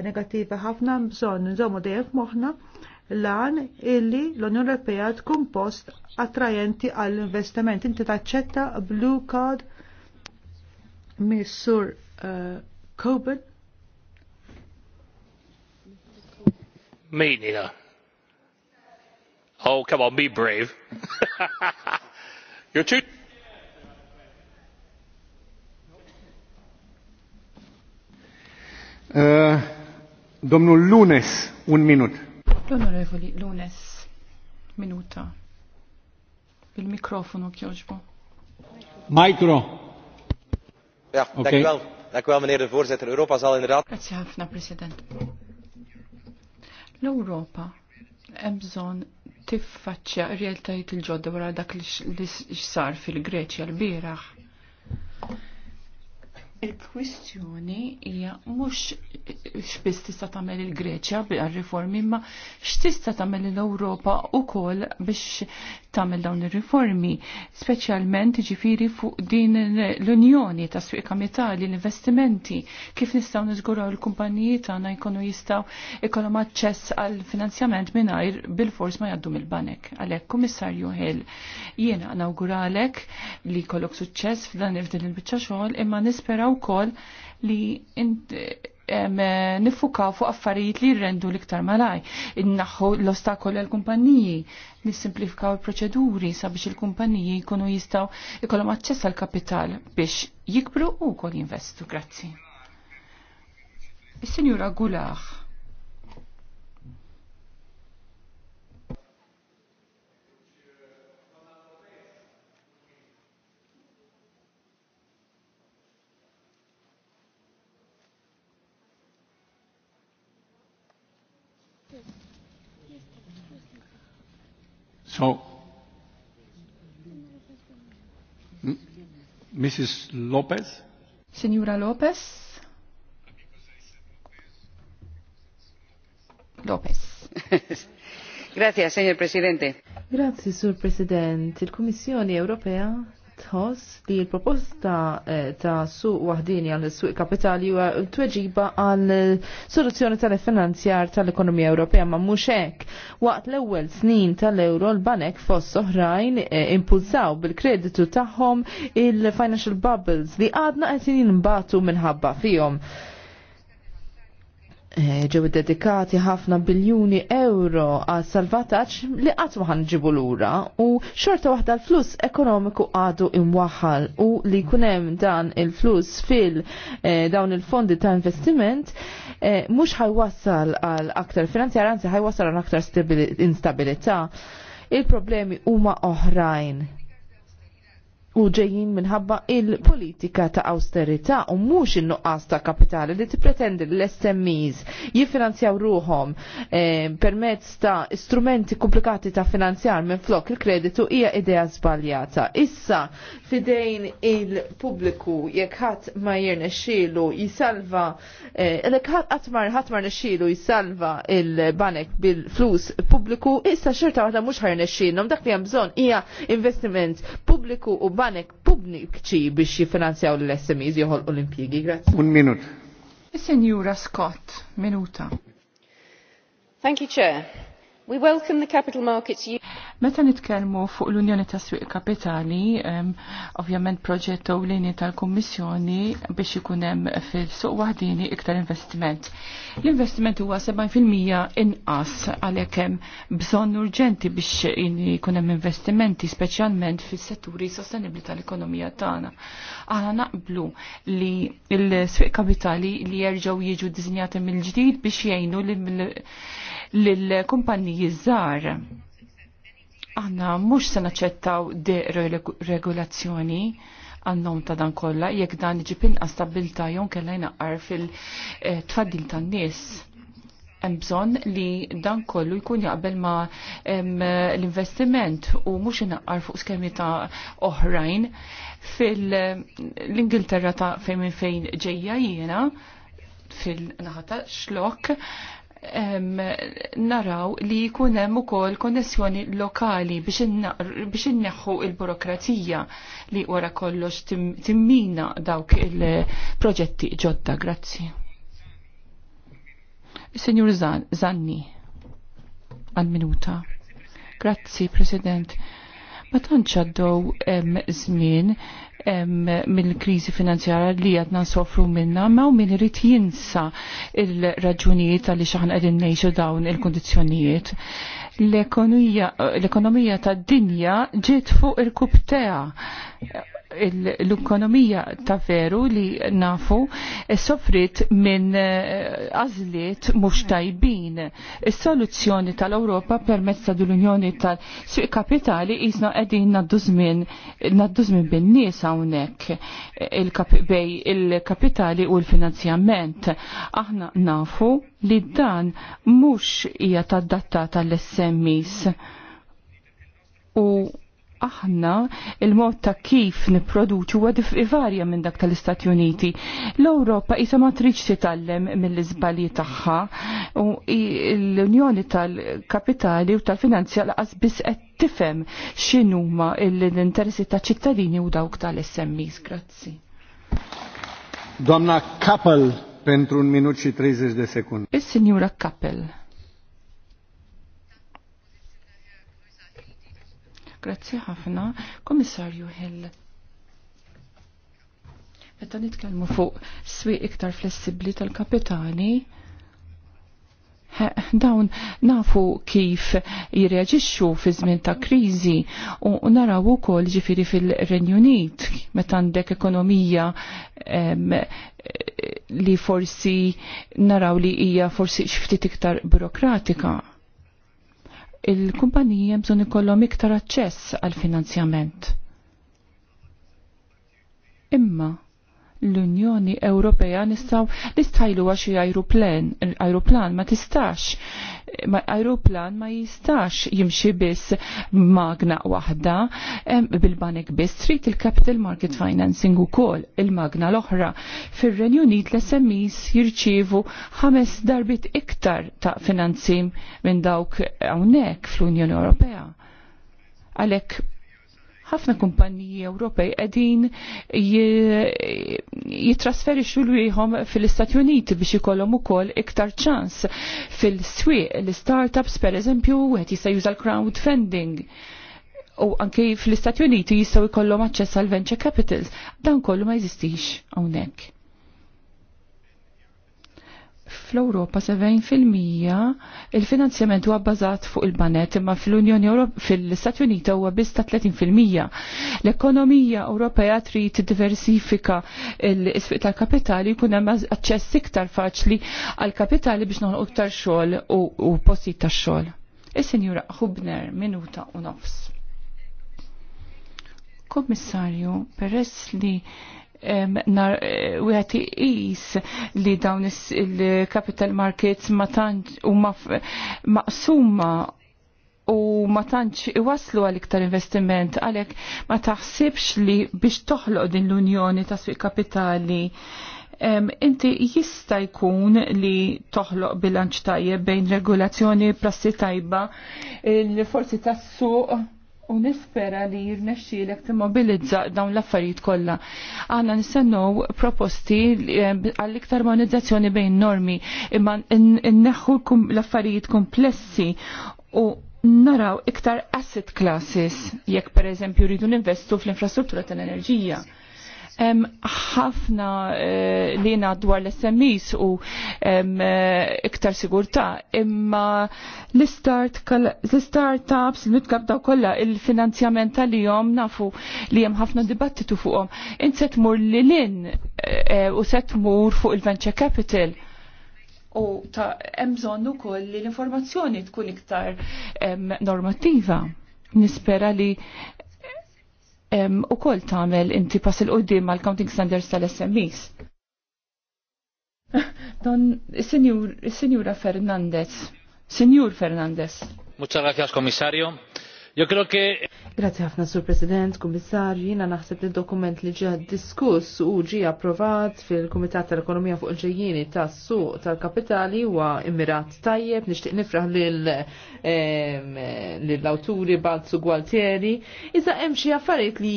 negattivi ħafna bżonn nżommu dejjem moħna, lan illi l-Unjoni Ewropea tkun post attrajenti għall-investiment. Inti taċċetta Blue Card Missur uh, eh, Coben. Menina. Oh, come on, be brave. You're too... Eh, domnul Lunes, un minut. L-Onorevoli Lunes, minuta. Il-mikrofonu kjoġbu. Mikro. Ja, okay. dank meneer de voorzitter. Europa zal inderdaad... Grazie ħafna, president. L-Europa hemm bżonn tiffaċċja realtajiet il-ġodda wara dak li x'sar fil-Greċja l-bieraħ Il-kwistjoni hija mhux x'biss tista' tagħmel il-Greċja għar-riformi imma x'tista' tagħmel l-Ewropa wkoll biex tamil dawn ir-riformi, speċjalment ġifiri fuq din l-Unjoni ta' Swieq Kamitali, l-investimenti, kif nistgħu niżguraw il-kumpaniji tagħna jkunu jistgħu ikollhom aċċess għal finanzjament mingħajr bil-fors ma jgħaddu mill-banek. Għalhekk, Kummissarju Hill, jiena nawguralek li jkollok suċċess f'dan il-biċċa xogħol imma nispera wkoll li nifuka fuq affarijiet li jirrendu liktar malaj. Innaħħu l-ostakol għal kumpanniji nissimplifikaw il-proċeduri sabiex il kumpanniji jkunu jistaw ikollhom aċċess għal kapital biex jikbru u kol jinvestu. Grazzi. Is-Sinjura Gulaħ. So, Mrs. Lopez? Senora Lopez? Lopez. Grazie, signor Presidente. Grazie, signor Presidente. il Commissione Europea tħoss li l-proposta eh, ta' suq wahdini għal suq kapitali huwa tweġiba għal soluzzjoni tal-finanzjar tal-ekonomija Ewropea ma' mhux hekk. Waqt l-ewwel snin tal-euro l-banek fost oħrajn eh, impulsaw bil-kreditu tagħhom il-financial bubbles li għadna qed jinbatu minħabba fihom. Eh, ġew dedikati ħafna biljuni euro għal salvataġġ li qatt ma ħanġibu lura u xorta waħda l-flus ekonomiku għadu imwaħħal u li jkun hemm dan il-flus fil eh, dawn il-fondi ta' investiment eh, mhux ħajwassal għal aktar finanzjar anzi ħajwassal għal aktar instabilità il-problemi huma oħrajn u ġejjin minħabba il-politika ta' austerità u mhux in-nuqqas ta' kapitali li tippretendi l-SMEs jiffinanzjaw ruhom eh, permezz ta' strumenti komplikati ta' finanzjar minn flok il-kreditu hija idea żbaljata. Issa fidejn il-pubbliku jekk ħadd ma jirnexxielu jisalva eh, jekk ħadd mar ħadd ma rnexxielu jisalva il-banek bil-flus pubbliku issa xorta waħda mhux ħajrnexxielhom dak li hemm bżonn hija investiment pubbliku u banek il-banek pubbliċi biex jifinanzjaw l-SMEs joħol Olimpijgi. Grazie. Un minut. Signora Scott, minuta. Thank you, Chair. We welcome the capital markets you Meta nitkellmu fuq l-Unjoni ta' Swiq Kapitali, um, ovvjament proġett ewlieni tal-Kummissjoni biex ikun hemm fil-suq waħdini iktar investiment. L-investiment huwa 70% inqas għalhekk hemm bżonn urġenti biex jkun hemm investimenti speċjalment fis-setturi sostenibbli tal-ekonomija tagħna. Aħna naqblu li l-Swiq Kapitali li jerġgħu jiġu ddisinjati mill-ġdid biex jgħinu li lill-kumpanniji żgħar. Aħna mhux se naċċettaw regolazzjoni għannom ta' dan kollha jekk dan iġib inqas stabilta kella kellha jnaqqar fil-tfaddil tan-nies hemm bżonn li dan kollu jkun jaqbel ma l-investiment u mhux inaqqar fuq skemi ta' oħrajn fil-Ingilterra ta' fejn minn fejn ġejja jiena fil-naħa ta' xlok naraw li jkun hemm ukoll konnessjoni lokali biex inneħħu il-burokrazija li wara kollox timmina dawk il-proġetti ġodda. Grazzi. Signor Zanni, għal minuta. Grazzi, President ma tantx għaddew żmien mill-kriżi finanzjarja li qed sofru minna, ma u min irid jinsa il-raġunijiet għaliex aħna għedin ngħixu dawn il-kundizzjonijiet. L-ekonomija tad-dinja ġiet fuq il-kubtea l-ekonomija ta' veru li nafu soffrit minn eh, għazliet mux tajbin. Is-soluzzjoni tal-Ewropa per mezza l-Unjoni tal sui Kapitali jisna qegħdin nadduzmin bin-nies hawnhekk eh, bej il-kapitali u l-finanzjament. Aħna nafu li dan mhux hija tad-datta tal smis u aħna il-mod ta' kif niproduċu huwa varja minn dak tal-Istati Uniti. L-Ewropa isa ma tridx titgħallem mill-iżbalji tagħha u l-Unjoni tal-Kapitali u tal-Finanzja laqas biss qed tifhem x'inhuma l-interessi ta' ċittadini u dawk tal-SMEs. Grazzi. Domna Kappel pentru un minut și 30 de secunde. is signora Kappel. Grazzi ħafna, Komissarju Hill. Meta nitkellmu fuq swieq iktar flessibbli tal-kapitali, dawn nafu kif jirreġixxu fi żmien ta' kriżi u naraw ukoll ġifieri fil-Renju Unit meta għandek ekonomija li forsi naraw li hija forsi xftit iktar burokratika il-kumpaniji bżon ikollhom iktar aċċess għal finanzjament. Imma l-Unjoni Ewropea nistaw nistajlu għaxi aeroplan, aeroplan ma tistax, ma aeroplan ma jistax jimxi biss magna wahda bil-banek biss trid il-Capital Market Financing u kol il-magna l-oħra. Fir-Renju Unit l smis jirċivu ħames darbit iktar ta' finanzim minn dawk hawnhekk fl-Unjoni Ewropea. Għalhekk ħafna kumpaniji Ewropej qegħdin jitrasferixxu lwieħhom fil-Istati Uniti biex ikollhom ukoll iktar ċans fil-swieq l-startups pereżempju wieħed jista' juża l crowdfunding u anke fl-Istati Uniti jistgħu jkollhom aċċess għal venture capitals. Dan kollu ma jeżistix hawnhekk fl-Europa 70% il-finanzjament huwa bbażat fuq il-banet imma fl-Unjoni fil-Stati Unita huwa biss ta' 30%. L-ekonomija Ewropea trid diversifika l-isfiq tal-kapitali jkun hemm aċċess iktar faċli għal kapitali biex noħolqu iktar xogħol u postijiet tax-xogħol. Is-Sinjura Hubner minuta u nofs. Kommissarju, peress li nar e, wieħed iqis li dawn il-capital markets ma tantx u maqsuma u ma tantx iwaslu għal iktar investiment għalhekk ma taħsibx li biex toħloq din l-Unjoni ta' Swieq Kapitali inti jista jkun li toħloq bilanċ tajjeb bejn regolazzjoni prassi tajba il-forzi tas-suq u nispera li jirnexxielek timmobilizza dawn l-affarijiet kollha. Aħna nistennew proposti eh, għall-iktar monizzazzjoni bejn normi imma nneħħu l-affarijiet komplessi u naraw iktar asset classes jekk pereżempju rridu ninvestu fl-infrastruttura tal-enerġija ħafna li eh, li dwar l-SMEs u eh, iktar sigurtà, imma l-startups, l-midkap daw kollha il-finanzjament li jom nafu li hemm ħafna dibattitu fuqhom. Int se tmur li lin eh, u se tmur fuq il-venture capital. U ta' hemm bżonn ukoll li l-informazzjoni tkun iktar normattiva nispera li u koll tamel inti pas il-qoddim għal counting standards tal-SMEs. Don Signora Fernandez, Signor Fernandez. Muchas gracias, comisario. Yo creo que Grazie ħafna sur President, Kummissar, jina naħseb li dokument li ġa diskuss u ġi approvat fil-Kumitat tal-Ekonomija fuq il-ġejjini tas suq tal-Kapitali huwa immirat tajjeb, nixtieq nifraħ lill-awturi Balzu Gualtieri. Iżda hemm xi affarijiet li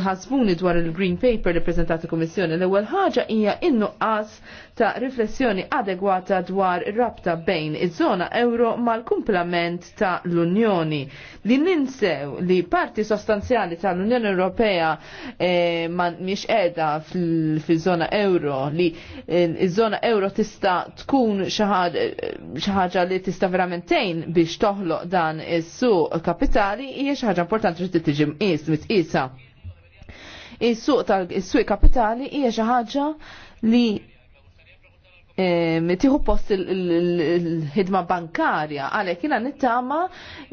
jħasbuni dwar il-Green Paper li preżentat il-Kummissjoni. L-ewwel ħaġa hija in-nuqqas ta' riflessjoni adegwata dwar rabta bejn iż-żona euro mal-kumplament ta' l-Unjoni. Li ninsew li parti sostanzjali ta' l-Unjoni Ewropea eh, ma miex edha fil-żona euro li eh, iż-żona euro tista' tkun xi ħaġa li tista' veramentejn biex toħloq dan is-suq kapitali hija xi ħaġa importanti li tiġi mqis mitqisa. Is-suq tal-is-suq kapitali hija xi ħaġa li tiħu post il-ħidma bankarja, għale kina nittama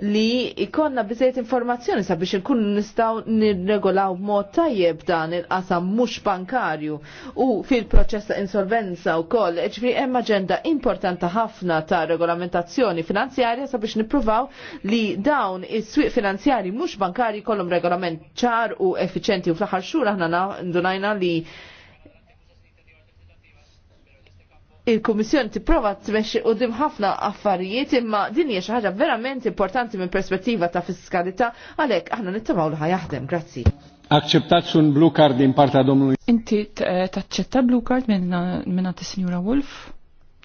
li ikonna bizzejt informazzjoni sabiex nkun nistaw nirregolaw mod tajjeb dan il-qasam mux bankarju u fil-proċess ta' insolvenza u koll, ġifri hemm aġenda importanti ħafna ta' regolamentazzjoni finanzjarja sabiex nipruvaw li dawn is-swieq finanzjari mux bankarji kollhom regolament ċar u effiċenti u fl xhur aħna ndunajna li il-Kummissjoni tipprova tmexxi qudiem ħafna affarijiet imma din hija xi ħaġa verament importanti minn perspettiva ta' fiskalità għalhekk aħna nittamaw li ħajaħdem. Grazzi. Akċeptat sun blue card din parta domlu. Inti eh, taċċetta blue card minn minna t-Sinjura Wolf?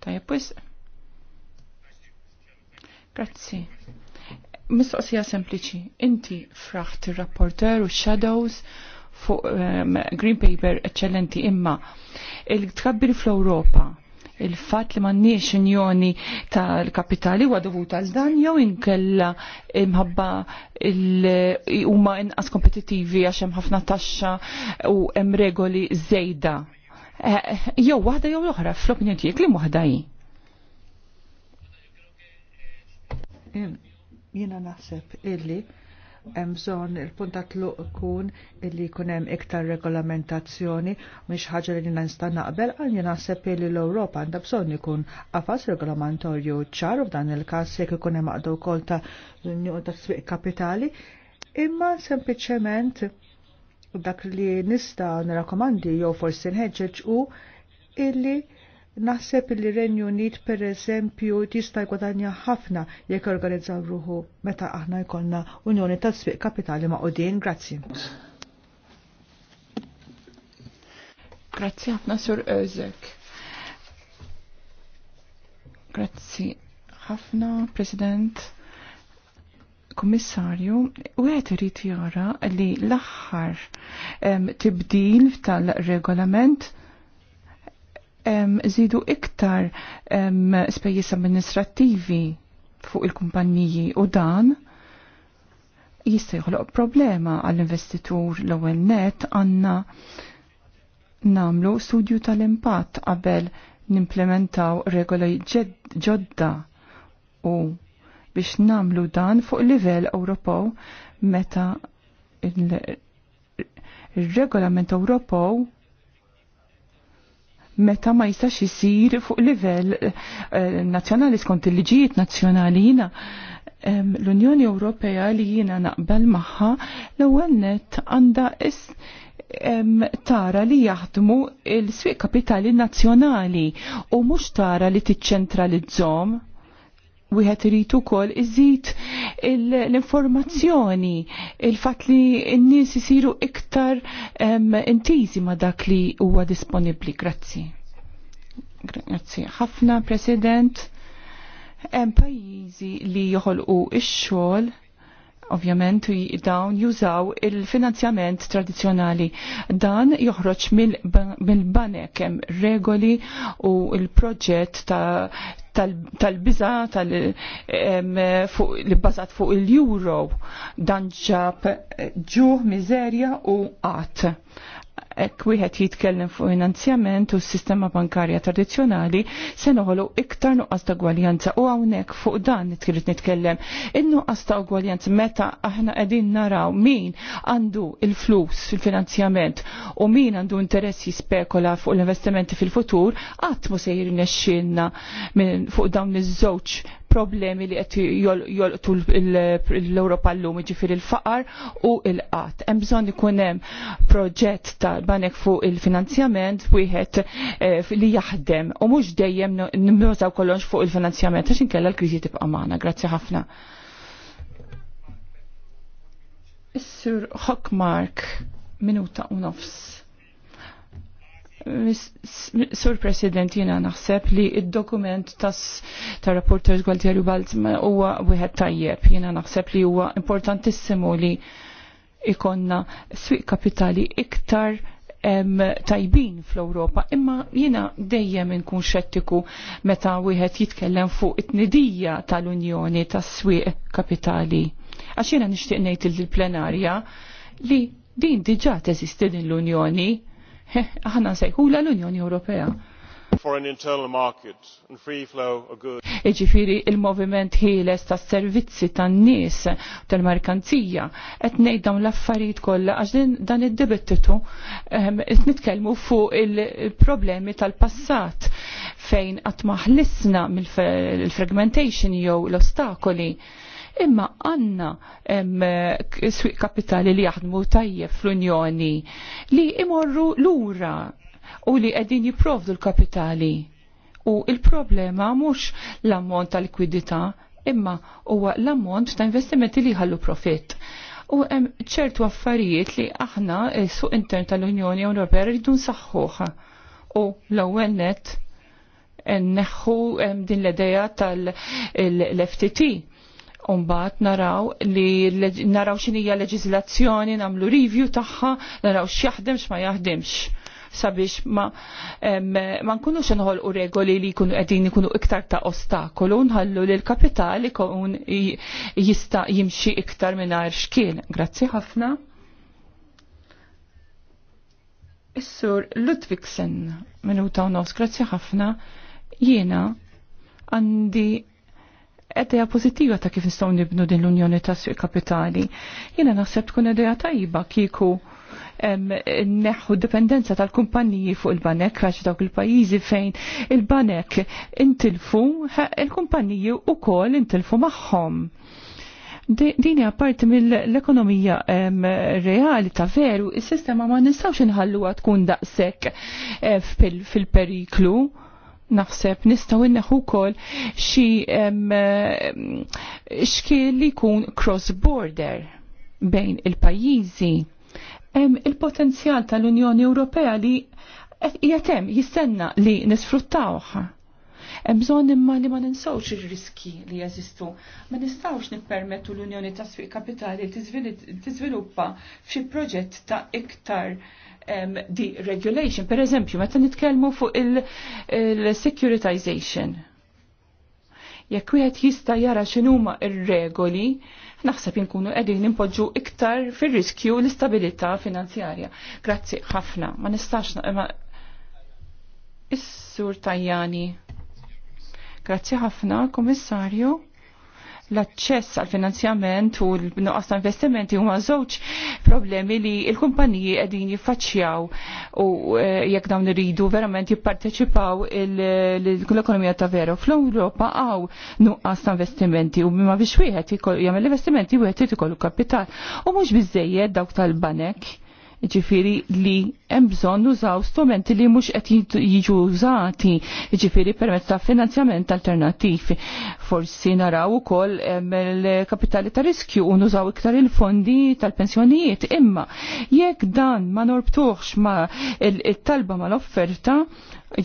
Tajjeb wis? Grazzi. Mistoqsija sempliċi. Inti fraħt ir-rapporter u shadows fuq ehm, green paper eccellenti imma il-tkabbir fl-Europa il-fat li nix unjoni tal-kapitali huwa dovuta għal dan jew inkella imħabba huma inqas kompetittivi għax hemm ħafna taxxa u hemm regoli żejda. Eh, jew waħda jew l-oħra fl-opinjoni tiegħek li waħda hi. Jiena naħseb illi hemm bżonn il puntat tluq ikun illi jkun hemm iktar regolamentazzjoni mhix ħaġa li nista' naqbel għal jiena naħseb li l-Ewropa għandha bżonn ikun qafas regolamentorju ċar f'dan il-każ jekk ikun hemm għaqdu wkoll ta' l-Unjoni ta' Swieq Kapitali imma sempliċement dak li nista' nirakkomandi jew forsi nħeġġeġ u illi Naħseb li Renju Unit per eżempju tista' jgwadanja ħafna jekk organizzaw ruħu meta aħna jkollna Unjoni ta' Sfiq Kapitali ma' Odin. Grazzi. Grazzi ħafna Sur Özek. Grazzi ħafna President Kommissarju, u għet rrit jara li l-axħar tibdil tal-regolament zidu iktar spejjeż amministrattivi fuq il-kumpanniji u dan jista' jħoloq problema għall-investitur l-ewwel net għandna namlu studju tal-impatt qabel nimplementaw regoli ġodda u biex namlu dan fuq livell Ewropew meta il-regolament Ewropew meta ma jistax jisir fuq livell eh, nazzjonali skont il-liġijiet nazzjonali jina l-Unjoni Ewropea li jina naqbel maħħa l-ewwel net għandha is tara li jaħdmu il-swieq kapitali nazzjonali u mhux tara li t-ċentralizzom wieħed irid ukoll iżid l-informazzjoni, il-fatt li n-nies isiru iktar intiżi ma' dak li huwa disponibbli. Grazzi. Grazzi. Ħafna President, hemm pajjiżi li joħolqu ix-xogħol ovvjament dawn jużaw il-finanzjament tradizjonali. Dan joħroġ mill-banek hemm regoli u il-proġett ta' tal-biza tal li bazat fuq il-euro dan ġab ġuħ, mizerja u għat ek wieħed jitkellem fuq finanzjament u s-sistema bankarja tradizzjonali se noħolu iktar nuqqas ta' gwaljanza u hawnhekk fuq dan trid nitkellem. In-nuqqas ta' gwaljanza meta aħna qegħdin naraw min għandu il-flus fil-finanzjament u min għandu interess jispekola fuq l-investimenti fil-futur qatt mu se jirnexxilna fuq dawn iż-żewġ problemi li qed jolqtu l-Ewropa llum jiġifieri il-faqar u l-qatt. Hemm bżonn ikun hemm proġett tal-banek fuq il-finanzjament wieħed eh, li jaħdem u mhux dejjem nimmużaw kollox fuq il-finanzjament għax inkella l-kriżi tibqa' magħna. Grazzi ħafna. Is-Sur Hockmark minuta u nofs. Sur President, jina naħseb li il-dokument tas ta' rapporter Gualtieri Balzma huwa wieħed tajjeb. Jina naħseb li huwa importantissimu li ikonna swiq kapitali iktar tajbin fl-Europa, imma jina dejjem inkun xettiku meta wieħed jitkellem fuq it-nidija tal-Unjoni tas-swieq kapitali. Għax jina nixtieq ngħid il-plenarja li din diġà teżisti din l-Unjoni Eh, aħna nsejħula l-Unjoni Ewropea. For an internal market and free flow of goods. Iġifiri il-moviment ħieles ta' servizzi ta' nies tal-merkanzija qed ngħid dawn l-affarijiet kollha għax dan id-debittitu ehm, qed nitkellmu fuq il-problemi tal-passat fejn qatt maħlisna mill-fragmentation jew l-ostakoli imma għanna swiq kapitali li jaħdmu tajjeb fl-Unjoni li imorru lura u li qegħdin jipprovdu l-kapitali. U il-problema mhux l-ammont ta' likwidità imma huwa l-ammont ta' investimenti li ħallu profitt. U hemm ċertu affarijiet li aħna suq intern tal-Unjoni Ewropea rridu nsaħħuha. U l-ewwel net neħħu din l-idea tal-FTT Umbat naraw li naraw xinija leġizlazzjoni, namlu review taħħa, naraw x'jaħdem ma jaħdimx sabiex ma, em, ma nkunux nħol u regoli li kunu għedin ikunu iktar ta' ostakolu, nħallu li l-kapital kun jista jimxi iktar minar xkien. Grazzi ħafna. Is-sur Ludwigsen, minuta u nos, grazzi ħafna. Jiena għandi edeja pozittiva ta' kif nistgħu nibnu din l-Unjoni ta' Suq Kapitali. Jiena naħseb tkun edeja tajba kieku neħu dipendenza tal kumpanji fuq il-banek għax dawk il-pajizi fejn il-banek intilfu il kumpanji u kol intilfu maħħom. Dini għapart mill-ekonomija reali ta' veru, il-sistema ma nistawx nħalluha tkun daqshekk eh, fil-periklu naħseb nistaw inneħu kol xi xkiel li jkun cross-border bejn il-pajjiżi. Il-potenzjal tal-Unjoni Ewropea li jatem jistenna li nisfruttawħ. Bżon imma li ma ninsawx il-riski li jazistu. Ma nistawx nippermettu l-Unjoni ta' Sfiq Kapitali tiżviluppa f'xi proġett ta' iktar um, di regulation. Per eżempju, meta nitkellmu fuq il-securitization. Il Jekk wieħed jista' jara x'inhuma ir-regoli, naħseb inkunu qegħdin impoġġu iktar fir-riskju l-istabilità finanzjarja. Grazzi ħafna, ma nistax ma... Is-sur Tajjani. Grazzi ħafna, Komissarju l-aċċess għal finanzjament u l-nuqqas ta' investimenti huma żewġ problemi li l-kumpaniji qegħdin jiffaċċjaw u eh, jekk dawn iridu verament jipparteċipaw l-ekonomija ta' veru. Fl-Ewropa għaw nuqqas ta' investimenti u ma biex wieħed jagħmel investimenti wieħed irid ikollu kapital u mhux biżejjed dawk tal-banek ġifiri li jembżon nużaw strumenti li mux qed jiġu użati, ġifiri permezz ta' finanzjament alternativ. Forsi naraw ukoll il-kapitali ta' riskju u nużaw iktar il-fondi tal-pensjonijiet, imma jekk dan ma norbtuħx ma il-talba ma l-offerta,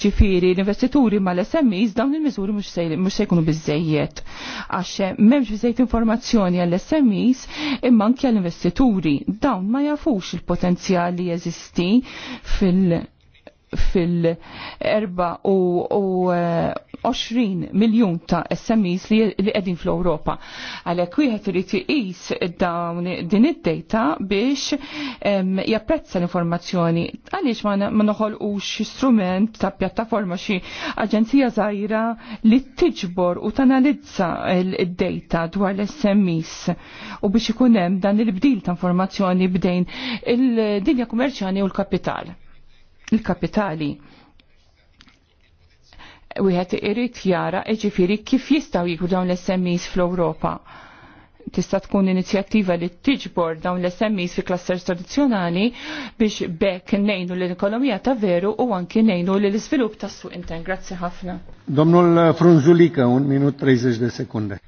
ġifiri l-investituri ma l-SMEs dawn il-mizuri mux se jkunu bizzejiet. Għax memx bizzejiet informazzjoni għall-SMEs imma anke għall-investituri. Dawn ma jafux il-potenzjal li jeżisti fil- fil-erba u, u eh, 20 miljun ta' SMEs li qegħdin fl-Ewropa. Għalhekk wieħed irid iqis dawn din id-data biex japprezza l-informazzjoni. Għaliex ma noħolqux strument ta' pjattaforma xi aġenzija żgħira li tiġbor u tanalizza l-data dwar l-SMEs u biex ikun hemm dan il-bdil ta' informazzjoni bdejn il-dinja kummerċjali u l-kapital il-kapitali wieħed irid jara ġifiri kif jistgħu jikru dawn l-SMEs fl-Ewropa. Tista' tkun inizjattiva li tiġbor dawn l-SMEs fi klassers tradizzjonali biex bekk nejnu l-ekonomija ta' veru u anki nejnu l iżvilupp tas suq intern. Grazzi ħafna. Domnul Frunzulika, un minut 30 sekunda.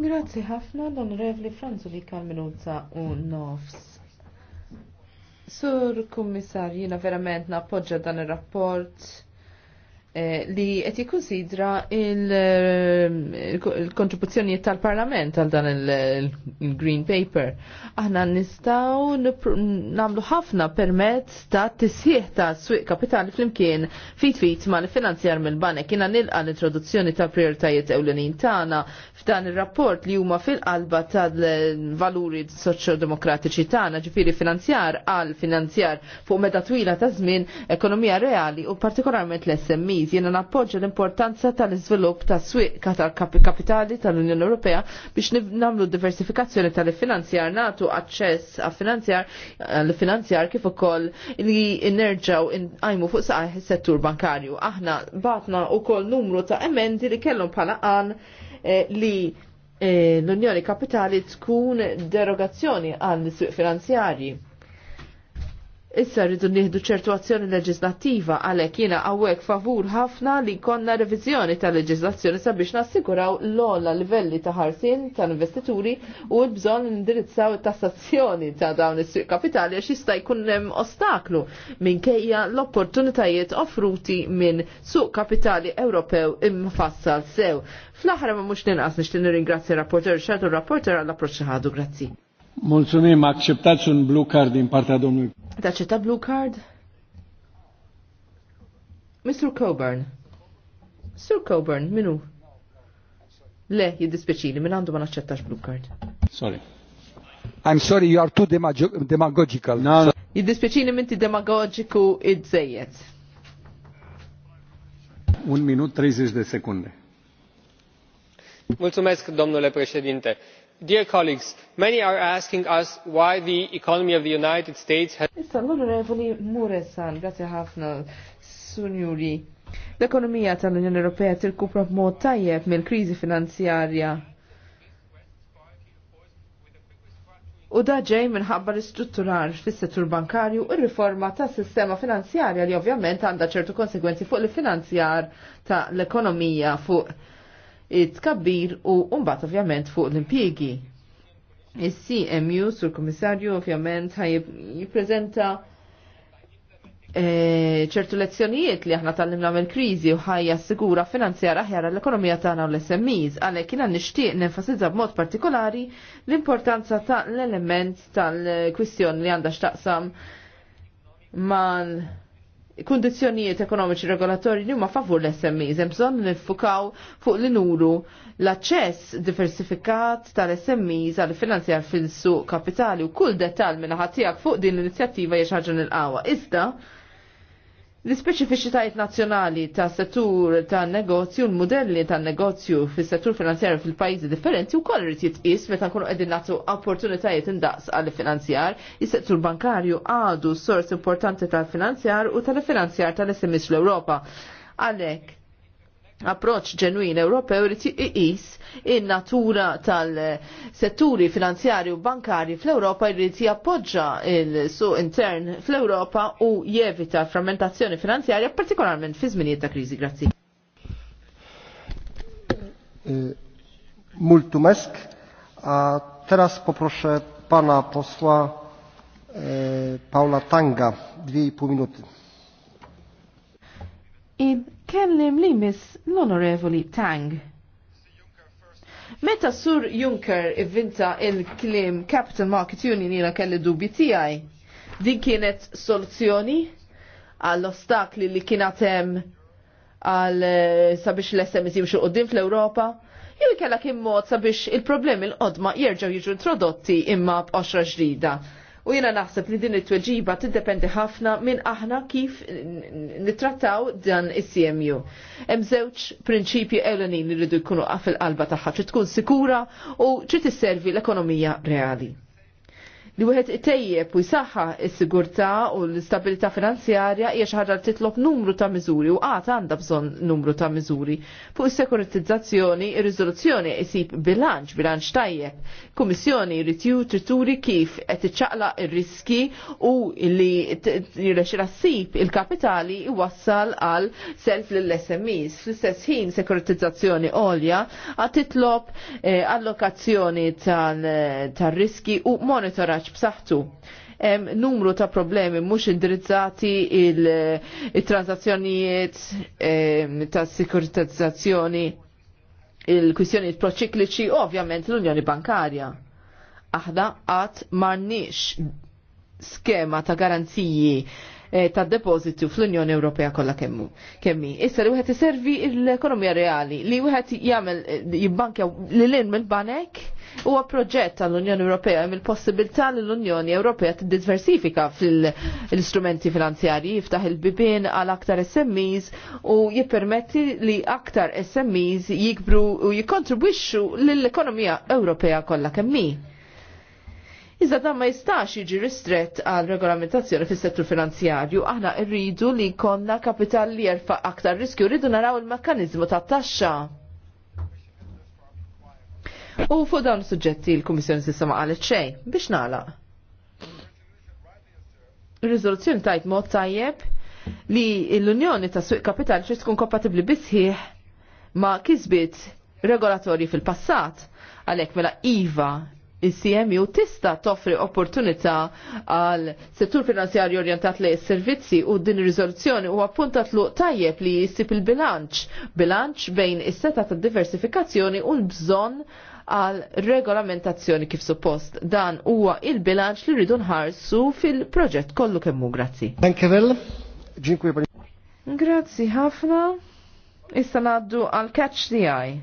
Grazzi ħafna, don Revli Franzulika l-minuta u nofs. Sur kummissar, jina verament nappoġġa dan ir rapport Eh, li qed jikkunsidra il-kontribuzzjoni eh, tal-Parlament għal dan il-Green Paper. Aħna nistgħu nagħmlu ħafna permezz ta' tisħiħ ta' swieq kapitali flimkien fit fit ma' l-finanzjar mill-banek jiena nilqa l-introduzzjoni ta' prioritajiet ewlenin tagħna f'dan ir-rapport li huma fil-qalba tal-valuri soċjodemokratiċi tagħna ġifieri finanzjar għal finanzjar fuq meta twila ta' żmien ekonomija reali u partikolarment l-SMI Unit. Jiena nappoġġa l-importanza tal-iżvilupp ta' swieq tal-kapitali tal-Unjoni Ewropea biex nagħmlu diversifikazzjoni tal-finanzjar nagħtu aċċess għal finanzjar kif ukoll li nerġgħu għajmu fuq saqajh is-settur bankarju. Aħna batna ukoll numru ta' emendi li kellhom bħala qan eh, li eh, l-Unjoni Kapitali tkun derogazzjoni għall-suq finanzjarji Issa rridu nieħdu ċertu azzjoni leġislattiva għalhekk jiena hawnhekk favur ħafna li konna reviżjoni tal leġislazzjoni sabiex nassiguraw l-ogħla livelli ta' ħarsin tal-investituri u l-bżonn indirizzaw tassazzjoni ta' dawn is-suq kapitali għax jista' jkun hemm ostaklu minkejja l-opportunitajiet offruti minn suq kapitali Ewropew imfassal sew. Fl-aħħar ma mhux ninqas nixtieq nirringrazzja rapporter Shadow Rapporter għall-approċċ ħadu grazzi. Mulțumim, acceptați un blue card din partea domnului. Ați acceptat blue card? Mr. Coburn. Sir Coburn, minu? Le, jiddispeċili, e minn għandu ma naċċettax blue card. Sorry. I'm sorry, you are too demagogical. No, no. Jiddispeċili e minti demagogiku id-zejjet. E un minut 30 de secunde. Mulțumesc, domnule președinte dear colleagues, many are asking us why the economy of the United States has... Issa l-onorevoli Muresan, grazie ħafna, sunjuri. L-ekonomija tal-Unjoni Ewropea tirkupra b'mod tajjeb mill krizi finanzjarja u da ġej minħabba l-istrutturar fis-settur bankarju u riforma ta' sistema finanzjarja li ovvjament għandha ċertu konsekwenzi fuq l-finanzjar ta' l-ekonomija fuq it-kabbir u mbagħad ovvjament fuq l-impjiegi. Is-CMU sur komissarju ovvjament ħaj jippreżenta eh, ċertu lezzjonijiet li aħna tal-limna mill kriżi u ħajja sigura finanzjar aħjar l-ekonomija tagħna u l-SMEs, għalhekk kienha nixtieq nenfasizza b'mod partikolari l-importanza ta' l-element tal-kwistjoni li għandha x'taqsam mal kondizjonijiet ekonomiċi regolatorji li huma favur l-SMEs, hemm bżonn nifukaw fuq li nuru l-aċċess diversifikat tal-SMEs għal finanzjar fil-suq kapitali u kull detall minn ħadd tiegħek fuq din l-inizjattiva hija ħaġa Iżda, L-ispeċifiċitajiet nazzjonali ta' settur ta' negozju, l-modelli ta' negozju fis settur finanzjar fil-pajjiżi differenti u koll rrit jitqis meta nkunu qegħdin nagħtu opportunitajiet indaqs għal finanzjar, is-settur bankarju għadu sors importanti tal-finanzjar u tal-finanzjar tal sms l-Ewropa. Għalhekk, approċ ġenwin Ewropew li tiqis in-natura tal-setturi finanzjarju bankari fl-Ewropa jrid jappoġġa il-suq intern fl-Ewropa u jevita frammentazzjoni finanzjarja partikolarment fi żminijiet ta' kriżi. Grazzi. E, mesk. A teraz poproszę pana posła e, Paula Tanga, dwie i pół minuty kellim li miss l-onorevoli Tang. Meta Sur Juncker ivvinta il-klim Capital Market Union jina kelli dubi tijaj, din kienet soluzzjoni għall-ostakli li kienatem għal eh, sabiex l-SMS jimxu qoddim fl-Europa, jew kella kien mod sabiex il-problemi l-qodma jirġaw jiġu introdotti imma b'oċra ġdida. U jena naħseb li din it-tweġiba tiddependi ħafna minn aħna kif nitrattaw dan is-CMU. Hemm żewġ prinċipji ewlenin li rridu jkunu fil-qalba tagħha trid tkun sikura u trid tisservi l-ekonomija reali li wieħed itejjeb u jsaħħa s-sigurtà u l-istabilità finanzjarja hija xi ħaġa titlob numru ta' miżuri u qatt għandha bżonn numru ta' miżuri. Fuq is-sekuritizzazzjoni ir-riżoluzzjoni jsib bilanċ, bilanċ tajjeb. Kummissjoni jrid trituri kif qed iċċaqla r-riski u li jirrexxira ssib il-kapitali iwassal għal self lill-SMEs. Fl-istess ħin sekuritizzazzjoni għolja għad titlob eh, allokazzjoni eh, tal-riski u monitoraġġ b'saħħtu hemm numru ta' problemi mhux indirizzati il-transazzjonijiet ta' sikuritizzazzjoni il-kwistjonijiet proċikliċi u ovvjament l-Unjoni Bankarja. Aħna qatt m'għandniex skema ta' garanziji eh, ta' depozitu fl-Unjoni Ewropea kollha kemmu. Kemmi, issa li wieħed iservi l-ekonomija reali, li wieħed jagħmel eh, jibbankja lil mill banek huwa proġett tal-Unjoni Ewropea mill possibilità li l-Unjoni Ewropea tiddiversifika fil-istrumenti finanzjari, jiftaħ il-bibin għal aktar SMEs u jippermetti li aktar SMEs jikbru u jikontribwixxu lill-ekonomija Ewropea kollha kemmi. Iżda dan ma jistax jiġi ristret għal regolamentazzjoni fis settur finanzjarju, aħna rridu li konna kapital li jerfa aktar riskju, rridu naraw il-mekkanizmu ta' taxxa U fuq dawn suġġetti l-Kummissjoni s'issa ma qalet xejn biex nagħlaq. Ir-riżoluzzjoni tajt mod tajjeb li l-Unjoni ta' Suq Kapitali xi tkun kompatibbli bisħieħ ma' kisbiet regolatorji fil-passat għalhekk mela IVA il-CMU tista toffri opportunità għal settur finanzjarju orjentat li s-servizzi u din rizoluzzjoni u appuntat lu tajjeb li jisib il-bilanċ, bilanċ bejn is-seta ta' diversifikazzjoni u l-bżon għal regolamentazzjoni kif suppost. Dan huwa il-bilanċ li rridu nħarsu fil-proġett kollu kemmu. Grazzi. Grazzi ħafna. Issa naddu għal catch the eye.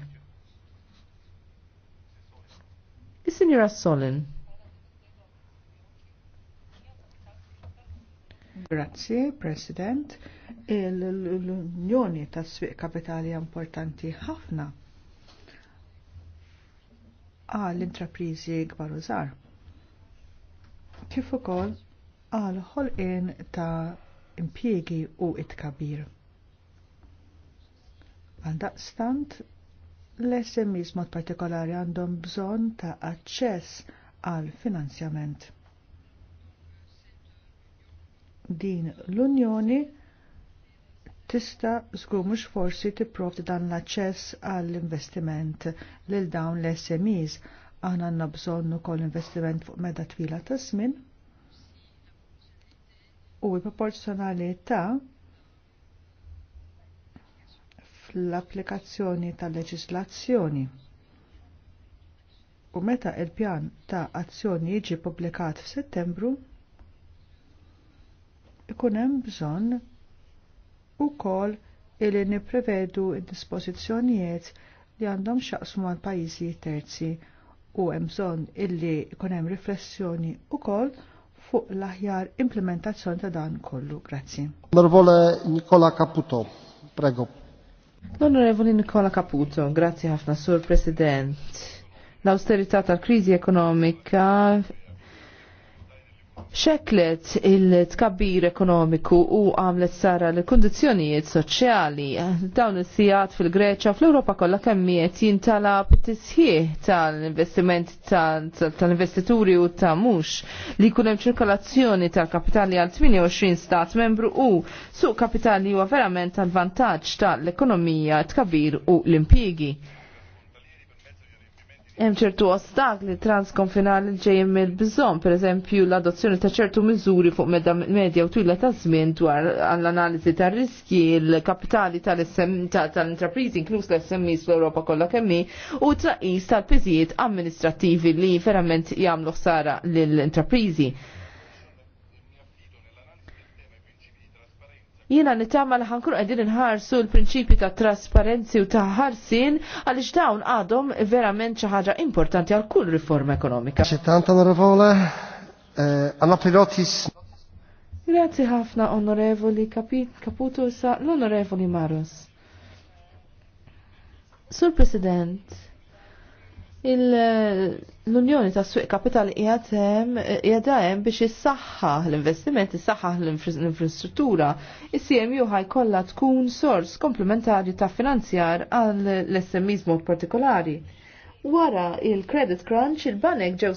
Is-Sinjura Solin. Grazzi, President. L-Unjoni tas-Sviq Kapitali importanti ħafna għal intraprizi gbar użar. Kif ukoll għal ħolqien ta' impjiegi u it-kabir. Għaldaqstant, l-SMIs mod partikolari għandhom bżonn ta' aċċess għal finanzjament. Din l-Unjoni tista żgur mhux forsi tipprovdi dan l-aċċess għall-investiment lil dawn l-SMEs aħna għandna bżonn ukoll investiment fuq meta twila ta' żmien u l-proporzjonalità fl-applikazzjoni tal-leġislazzjoni. U meta il-pjan ta' azzjoni jiġi publikat f'Settembru, ikun hemm bżonn u kol illi niprevedu id-dispozizjonijiet li għandhom xaqsmu għal pajizi terzi u hemm bżonn illi jkun hemm riflessjoni wkoll fuq l-aħjar implementazzjoni ta' dan kollu. Grazzi. Onorevole Nicola Caputo, prego. L-Onorevoli Nicola Caputo, grazzi ħafna, Sur President. L-austerità tal-kriżi ekonomika xeklet il-tkabbir ekonomiku u għamlet sara l-kondizjonijiet soċjali. Dawn is-sijat fil-Greċa fl-Ewropa kollha kemmiet jintalab tisħieħ tal-investiment tal-investituri u ta' mhux li jkun hemm ċirkolazzjoni tal-kapitali għal 28 stat membru u suq kapitali huwa verament tal-vantaġġ tal-ekonomija tkabbir u l-impjiegi hemm ċertu ostakli transkonfinali ġejjin mill-bżonn, pereżempju l-adozzjoni ta' ċertu miżuri fuq medja u twila ta' żmien dwar għall-analiżi tar riski l-kapitali tal-intrapriżi inkluż l-SMEs fl-Ewropa kollha kemm u traqis tal-piżijiet amministrattivi li verament jagħmlu ħsara lill-intrapriżi. Jiena nitama li ħankun qegħdin inħarsu l prinċipi ta' trasparenzi u ta' ħarsin għaliex dawn għadhom verament xi ħaġa importanti għal kull riforma ekonomika. Ċitanta onorevole, Pilotis. Eh, Grazzi ħafna onorevoli Caputo sa l-onorevoli Maros. Sur President, Eh, l-Unjoni ta' Suq Kapitali qiegħed eh, hemm biex issaħħaħ l-investiment, issaħħaħ l-infrastruttura. is juħaj ħajkollha tkun sors komplementari ta' finanzjar għal l-SMEs mod partikolari. Wara il-credit crunch, il-banek ġew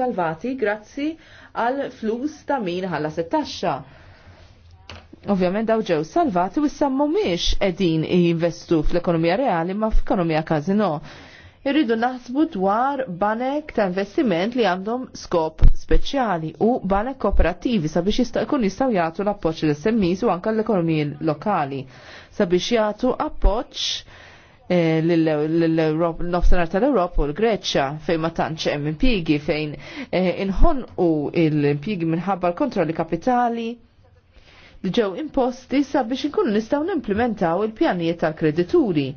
salvati grazzi għal flus ta' min ħalla settaxxa. Ovvjament daw ġew salvati u issa mhumiex qegħdin jinvestu fl-ekonomija reali ma f'ekonomija kazino irridu naħsbu dwar banek ta' investiment li għandhom skop speċjali u banek kooperativi sabiex jista' jkun jistgħu jagħtu l-appoġġ l smis u anke l-ekonomiji lokali sabiex jagħtu appoġġ eh, l-nofsenar tal-Europa u l greċja fejn ma tantx hemm impjiegi fejn eh, u l-impjiegi minħabba l-kontrolli kapitali li ġew imposti sabiex inkunu nistgħu nimplementaw il-pjanijiet tal-kredituri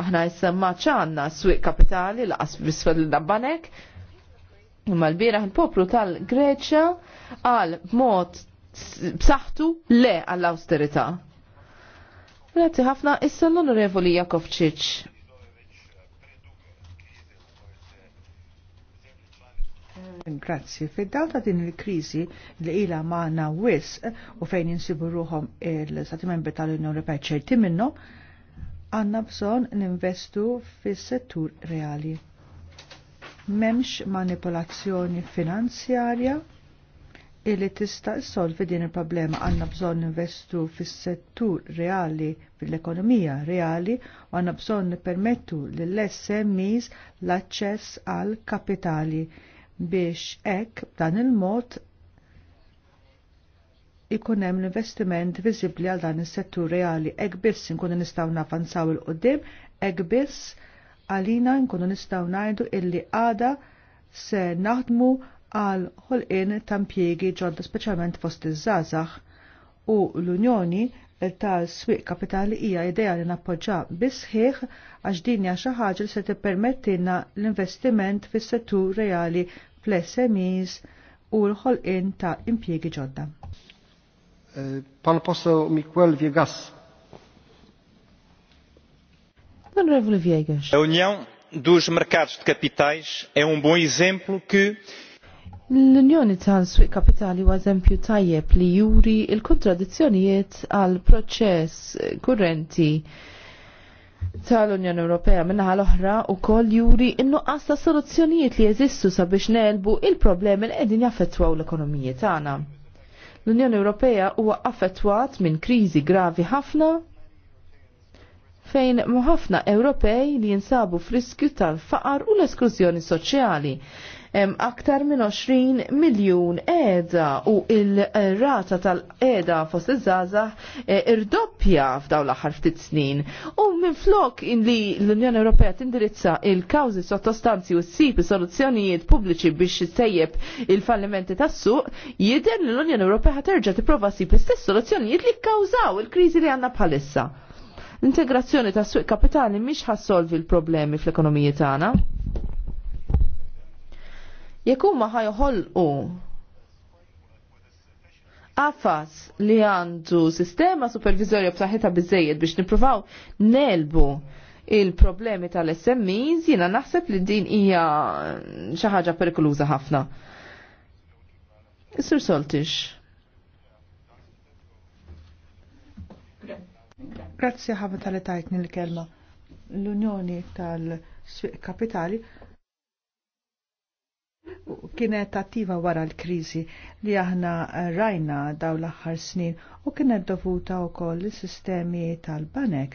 Aħna jissemma ċanna s-swiq kapitali laqas bisfel l-dabbanek. Imma l-bira poplu tal-Greċja għal mod b'saħħtu le għall-austerità. Grazzi ħafna, issa l-onorevoli Jakovčić. Grazzi. fid dalta ta' din il-krizi li ila maħna wis u fejn jinsibu ruħom il-Stati tal-Unjoni Europea ċerti minnhom, għanna bżon ninvestu fis-settur reali. Memx manipolazzjoni finanzjarja illi tista' solvi din il-problema għanna bżon ninvestu fis-settur reali fil-ekonomija reali u għanna bżon nipermettu lill-SMEs l-aċċess għal kapitali biex ek dan il-mod ikun hemm l-investiment viżibbli għal dan is-settur reali hekk biss inkunu nistgħu nafanzaw il qudiem hekk biss għalina nkunu nistgħu ngħidu illi għada se naħdmu għal ħolqien ta' impjiegi ġodda speċjalment fost iż-żgħażagħ u l-Unjoni tal-swieq kapitali hija idea li nappoġġa ħieħ għax din hija xi ħaġa li se tippermettilna l-investiment fis-settur reali fl-SMEs u l-ħolqien ta' impjiegi ġodda. E, pan poseł Miguel Viegas. Honorable Viegas. A União dos Mercados de Capitais é um bom exemplo que L-Unjoni tal-Swiq Kapitali u eżempju tajjeb li juri il-kontradizzjonijiet għal proċess kurrenti tal-Unjoni Ewropea minnaħa l-oħra u koll juri innu ta' soluzzjonijiet li jeżistu sabiex nelbu il-problemi li qegħdin jaffettwaw l-ekonomiji tagħna. L-Unjoni Ewropea huwa affettwat minn kriżi gravi ħafna fejn ħafna Ewropej li jinsabu friskju tal-faqar u l-esklużjoni soċjali aktar minn 20 miljun qiegħda u il-rata tal eda fost iż-żgħażagħ e, irdoppja f'daw l-aħħar ftit snin. U minn flok li l-Unjoni Ewropea tindirizza il-kawżi sottostanzi u ssib soluzzjonijiet pubbliċi biex tejjeb il-fallimenti tas-suq, jidher li l-Unjoni Ewropea terġa' tipprova ssib l-istess soluzzjonijiet li kkawżaw il-kriżi li għandna bħalissa l-integrazzjoni tas suq kapitali mhix ħassolvi l-problemi fl-ekonomiji tagħna. Jekk huma ħajħolqu għafas li għandu sistema supervizorja b'saħħitha biżejjed biex nippruvaw nelbu il-problemi tal-SMEs, jiena naħseb li din hija xi ħaġa perikoluża ħafna. Isir Soltix. Grazzi ħafna tal etajtni l-kelma. L-Unjoni tal-Kapitali kienet attiva wara l-krizi li aħna rajna daw l-aħħar snin u kienet dovuta wkoll is-sistemi tal-banek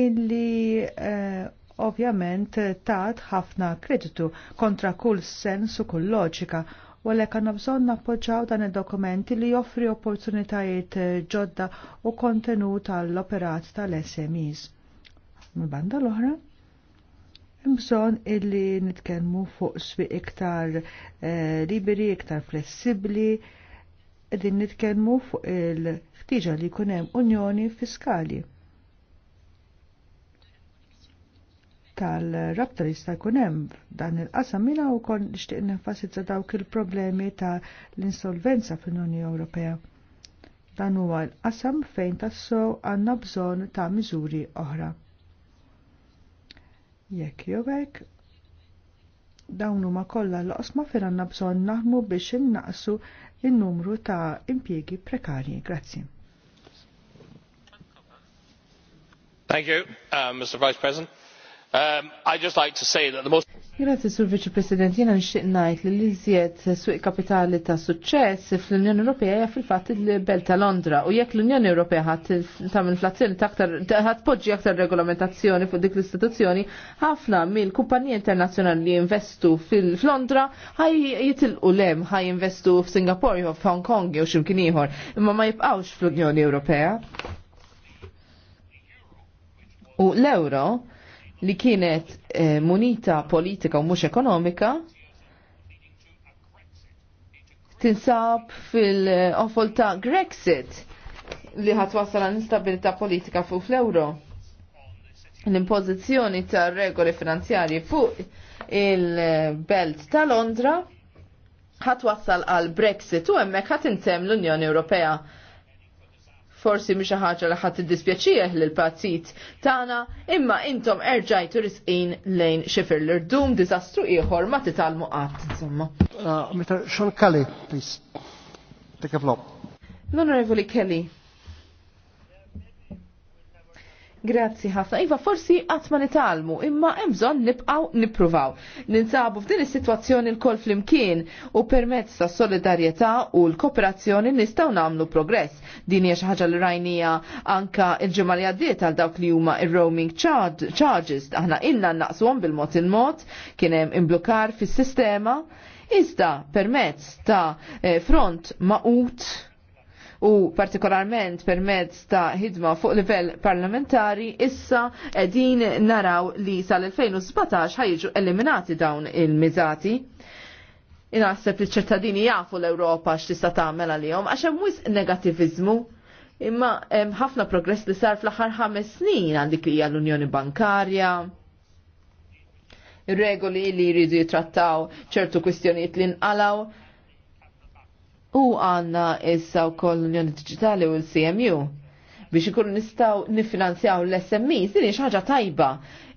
illi uh, ovvjament tat ħafna kreditu kontra kull sens u kull loġika u għalek għanna bżon nappoġġaw dan il-dokumenti li joffri opportunitajiet eh, ġodda u kontenut għall operat tal-SMEs. Mil-banda l-oħra? Imbżon illi nitkelmu fuq swi iktar eh, liberi, iktar flessibli, din nitkelmu fuq il-ħtiġa li kunem unjoni fiskali. tal-rabta li sta' kunem dan il-qasam minna u kon nishtiq nenfasizza dawk il-problemi ta' l-insolvenza fil-Unjoni Ewropea. Dan huwa l-qasam fejn tassow għanna bżon ta' miżuri oħra. Jekk jowek, dawn huma kollha l-osma fir għandna bżonn naħdmu biex innaqsu in-numru ta' impjiegi prekarji. Grazzi. Thank you, uh, Mr. Vice President. Um, I'd just like to say that the most Grazie, Sur Vice President, jena nixtieq ngħid li l-iżjed suq kapitali ta' suċċess fl-Unjoni Ewropea hija fil-fatt il-Belt ta' Londra u jekk l-Unjoni Ewropea ħadd tagħmel inflazzjoni aktar ħadd poġġi aktar regolamentazzjoni fuq dik l-istituzzjoni, ħafna mill-kumpaniji internazzjonali li investu fil-Londra ħaj jitilqu lem ħaj jinvestu f'Singapore jew f'Hong Kong jew x'imkien ieħor, imma ma jibqgħux fl-Unjoni Ewropea. U l-euro li kienet eh, munita politika u mhux ekonomika tinsab fil-qofol ta' Grexit li ħatwassal għal instabilità politika fuq fl-euro. L-impożizzjoni ta' regoli finanzjarji fuq il-belt ta' Londra ħatwassal għal Brexit u hemmhekk ħatintemm l-Unjoni Ewropea forsi mhix xi ħaġa li ħadd iddispjaċieh lil pazzit tagħna, imma intom erġajtu risqin lejn xifer l-irdum diżastru ieħor ma titalmu qatt insomma. Uh, Meta Sean please. Take a flop. L-Onorevoli Kelly. Grazzi ħafna. Iva, forsi qatt ma nitalmu, imma hemm bżonn nibqgħu nippruvaw. Ninsabu f'din is-sitwazzjoni l-kol flimkien u permezz ta' solidarjetà u l-kooperazzjoni nistgħu nagħmlu progress. Din hija xi ħaġa li rajnija anka l-ġimgħa li għaddiet għal dawk li huma ir-roaming charges. Aħna ilna naqsuhom bil-mod il-mod, kien hemm imblukar fis-sistema. Iżda permezz ta' eh, front ma' u partikolarment permezz ta' ħidma fuq livell parlamentari issa edin naraw li sal-2017 ħajġu eliminati dawn il-mizati. Inaħseb li ċertadini jafu l-Europa x'tista' tagħmel għalihom għax hemm wisq negativizmu imma hemm ħafna progress li sar fl-aħħar ħames snin għandik li hija l-Unjoni Bankarja, regoli li jridu jitrattaw ċertu kwistjonijiet li nqalaw, u għanna issa u koll l-Unjoni Digitali u l-CMU biex ikunu nistaw nifinanzjaw l smi din hija ħaġa tajba.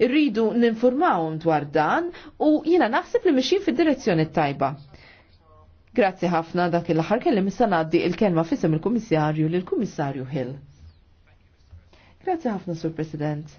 Irridu ninformawhom dwar dan u jiena naħseb li mixin fid-direzzjoni tajba. Grazzi ħafna dak il-aħħar kellim issa ngħaddi il-kelma fisem il-Kummissarju lill-Kummissarju Hill. Grazzi ħafna, Sur President.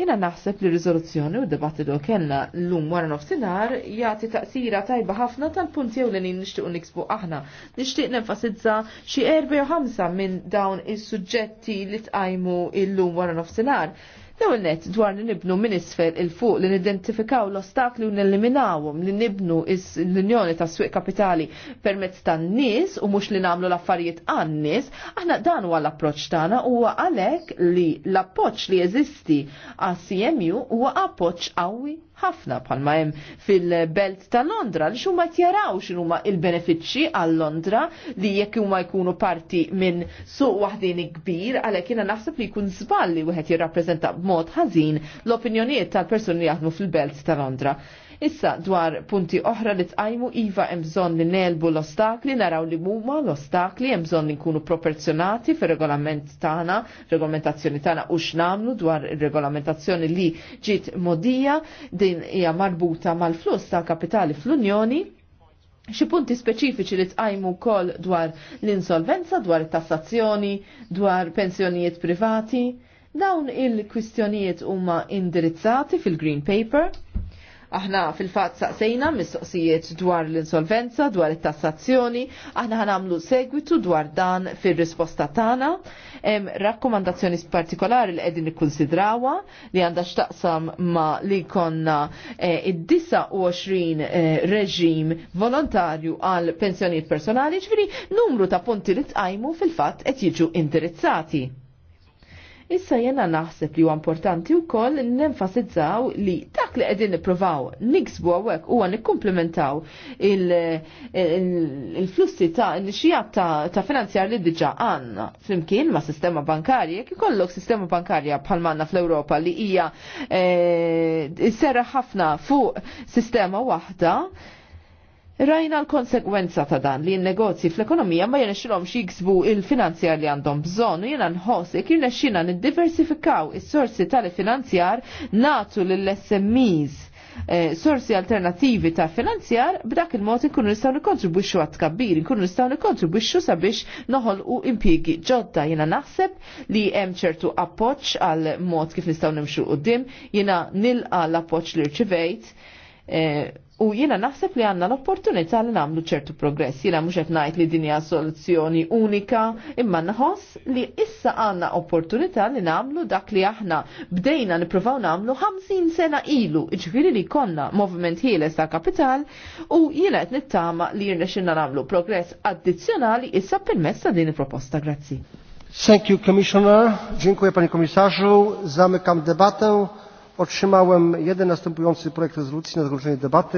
Jena naħseb li rizoluzzjoni u d do kellna l-lum wara nofsinar jagħti taqsira tajba ħafna tal-punti jew li nixtiequ niksbu aħna. Nixtieq nenfasizza xi erba' jew ħamsa minn dawn is-suġġetti li tqajmu l-lum wara nofsinar. L-ewwel net dwar li nibnu minn isfel il fuq li nidentifikaw l-ostakli u nelliminawhom li nibnu l-Unjoni ta' Swieq Kapitali permezz tan-nies u mhux li nagħmlu l-affarijiet għan-nies, aħna dan huwa l-approċċ tagħna huwa għalhekk li l-appoġġ li jeżisti għas-CMU huwa appoġġ qawwi ħafna bħalma hemm fil-belt ta' Londra li xumma tjaraw xinuma il-benefiċċji għal Londra li jekk huma jkunu parti minn suq waħdin kbir għalhekk jiena naħseb li jkun żball li wieħed jirrappreżenta b'mod ħażin l-opinjonijiet tal-persuni li jaħdmu fil-belt ta' Londra. Issa dwar punti oħra li tqajmu iva hemm bżonn li nelbu l-ostakli, naraw li huma l-ostakli hemm bżonn li nkunu proporzjonati fir-regolament tagħna, regolamentazzjoni tagħna u x'namlu dwar ir-regolamentazzjoni li ġiet modija din hija marbuta mal-fluss ta' kapitali fl-Unjoni xi punti speċifiċi li tqajmu wkoll dwar l-insolvenza, dwar tassazzjoni, dwar pensjonijiet privati. Dawn il-kwistjonijiet huma indirizzati fil-Green Paper Aħna fil-fatt saqsejna mistoqsijiet dwar l-insolvenza, dwar it-tassazzjoni, aħna ħanamlu segwitu dwar dan fil-risposta tagħna. Rakkomandazzjoni partikolari li qegħdin nikkunsidrawha li għandha x'taqsam ma li konna eh, id-29 eh, reġim volontarju għal pensjonijiet personali, ġifieri numru ta' punti li tqajmu fil-fatt qed jiġu indirizzati. Issa jena naħseb li huwa importanti wkoll nenfasizzaw li dak li qegħdin nippruvaw niksbu hawnhekk huwa nikkumplementaw il-flussi ta' nixijat ta' finanzjar li diġà għandna flimkien ma' sistema bankarja jekk ikollok sistema bankarja bħal manna fl-Ewropa li hija eh, serra ħafna fuq sistema waħda Rajna l-konsegwenza ta' dan li n-negozji fl-ekonomija ma jenexilom jiksbu il-finanzjar li għandhom bżon u jena nħosek jek niddiversifikaw n-diversifikaw il-sorsi tal-finanzjar natu l-SMEs eh, sorsi alternativi ta' finanzjar, b'dak il-mod nkunu nistgħu nikkontribwixxu għat kabbir nkunu nistgħu nikkontribwixxu sabiex noħolqu impjiegi ġodda. Jiena naħseb li hemm ċertu appoġġ għal mod kif nistgħu nimxu qudiem, jiena nilqa l-appoġġ li rċivejt eh, U jiena naħseb li għanna l-opportunità li namlu ċertu progress. Jiena mhux qed ngħid li din hija soluzzjoni unika, imma nħoss li issa għanna opportunità li namlu dak li aħna bdejna nippruvaw namlu 50 sena ilu, iġviri li konna moviment ħieles ta' kapital u jiena qed nittama li xinna namlu progress addizzjonali issa permessa din il-proposta. Grazzi. Thank you, Commissioner. Dziękuję, Panie Komisarzu. Zamykam debatę. Otrzymałem jeden następujący projekt rezolucji na zakończenie debaty.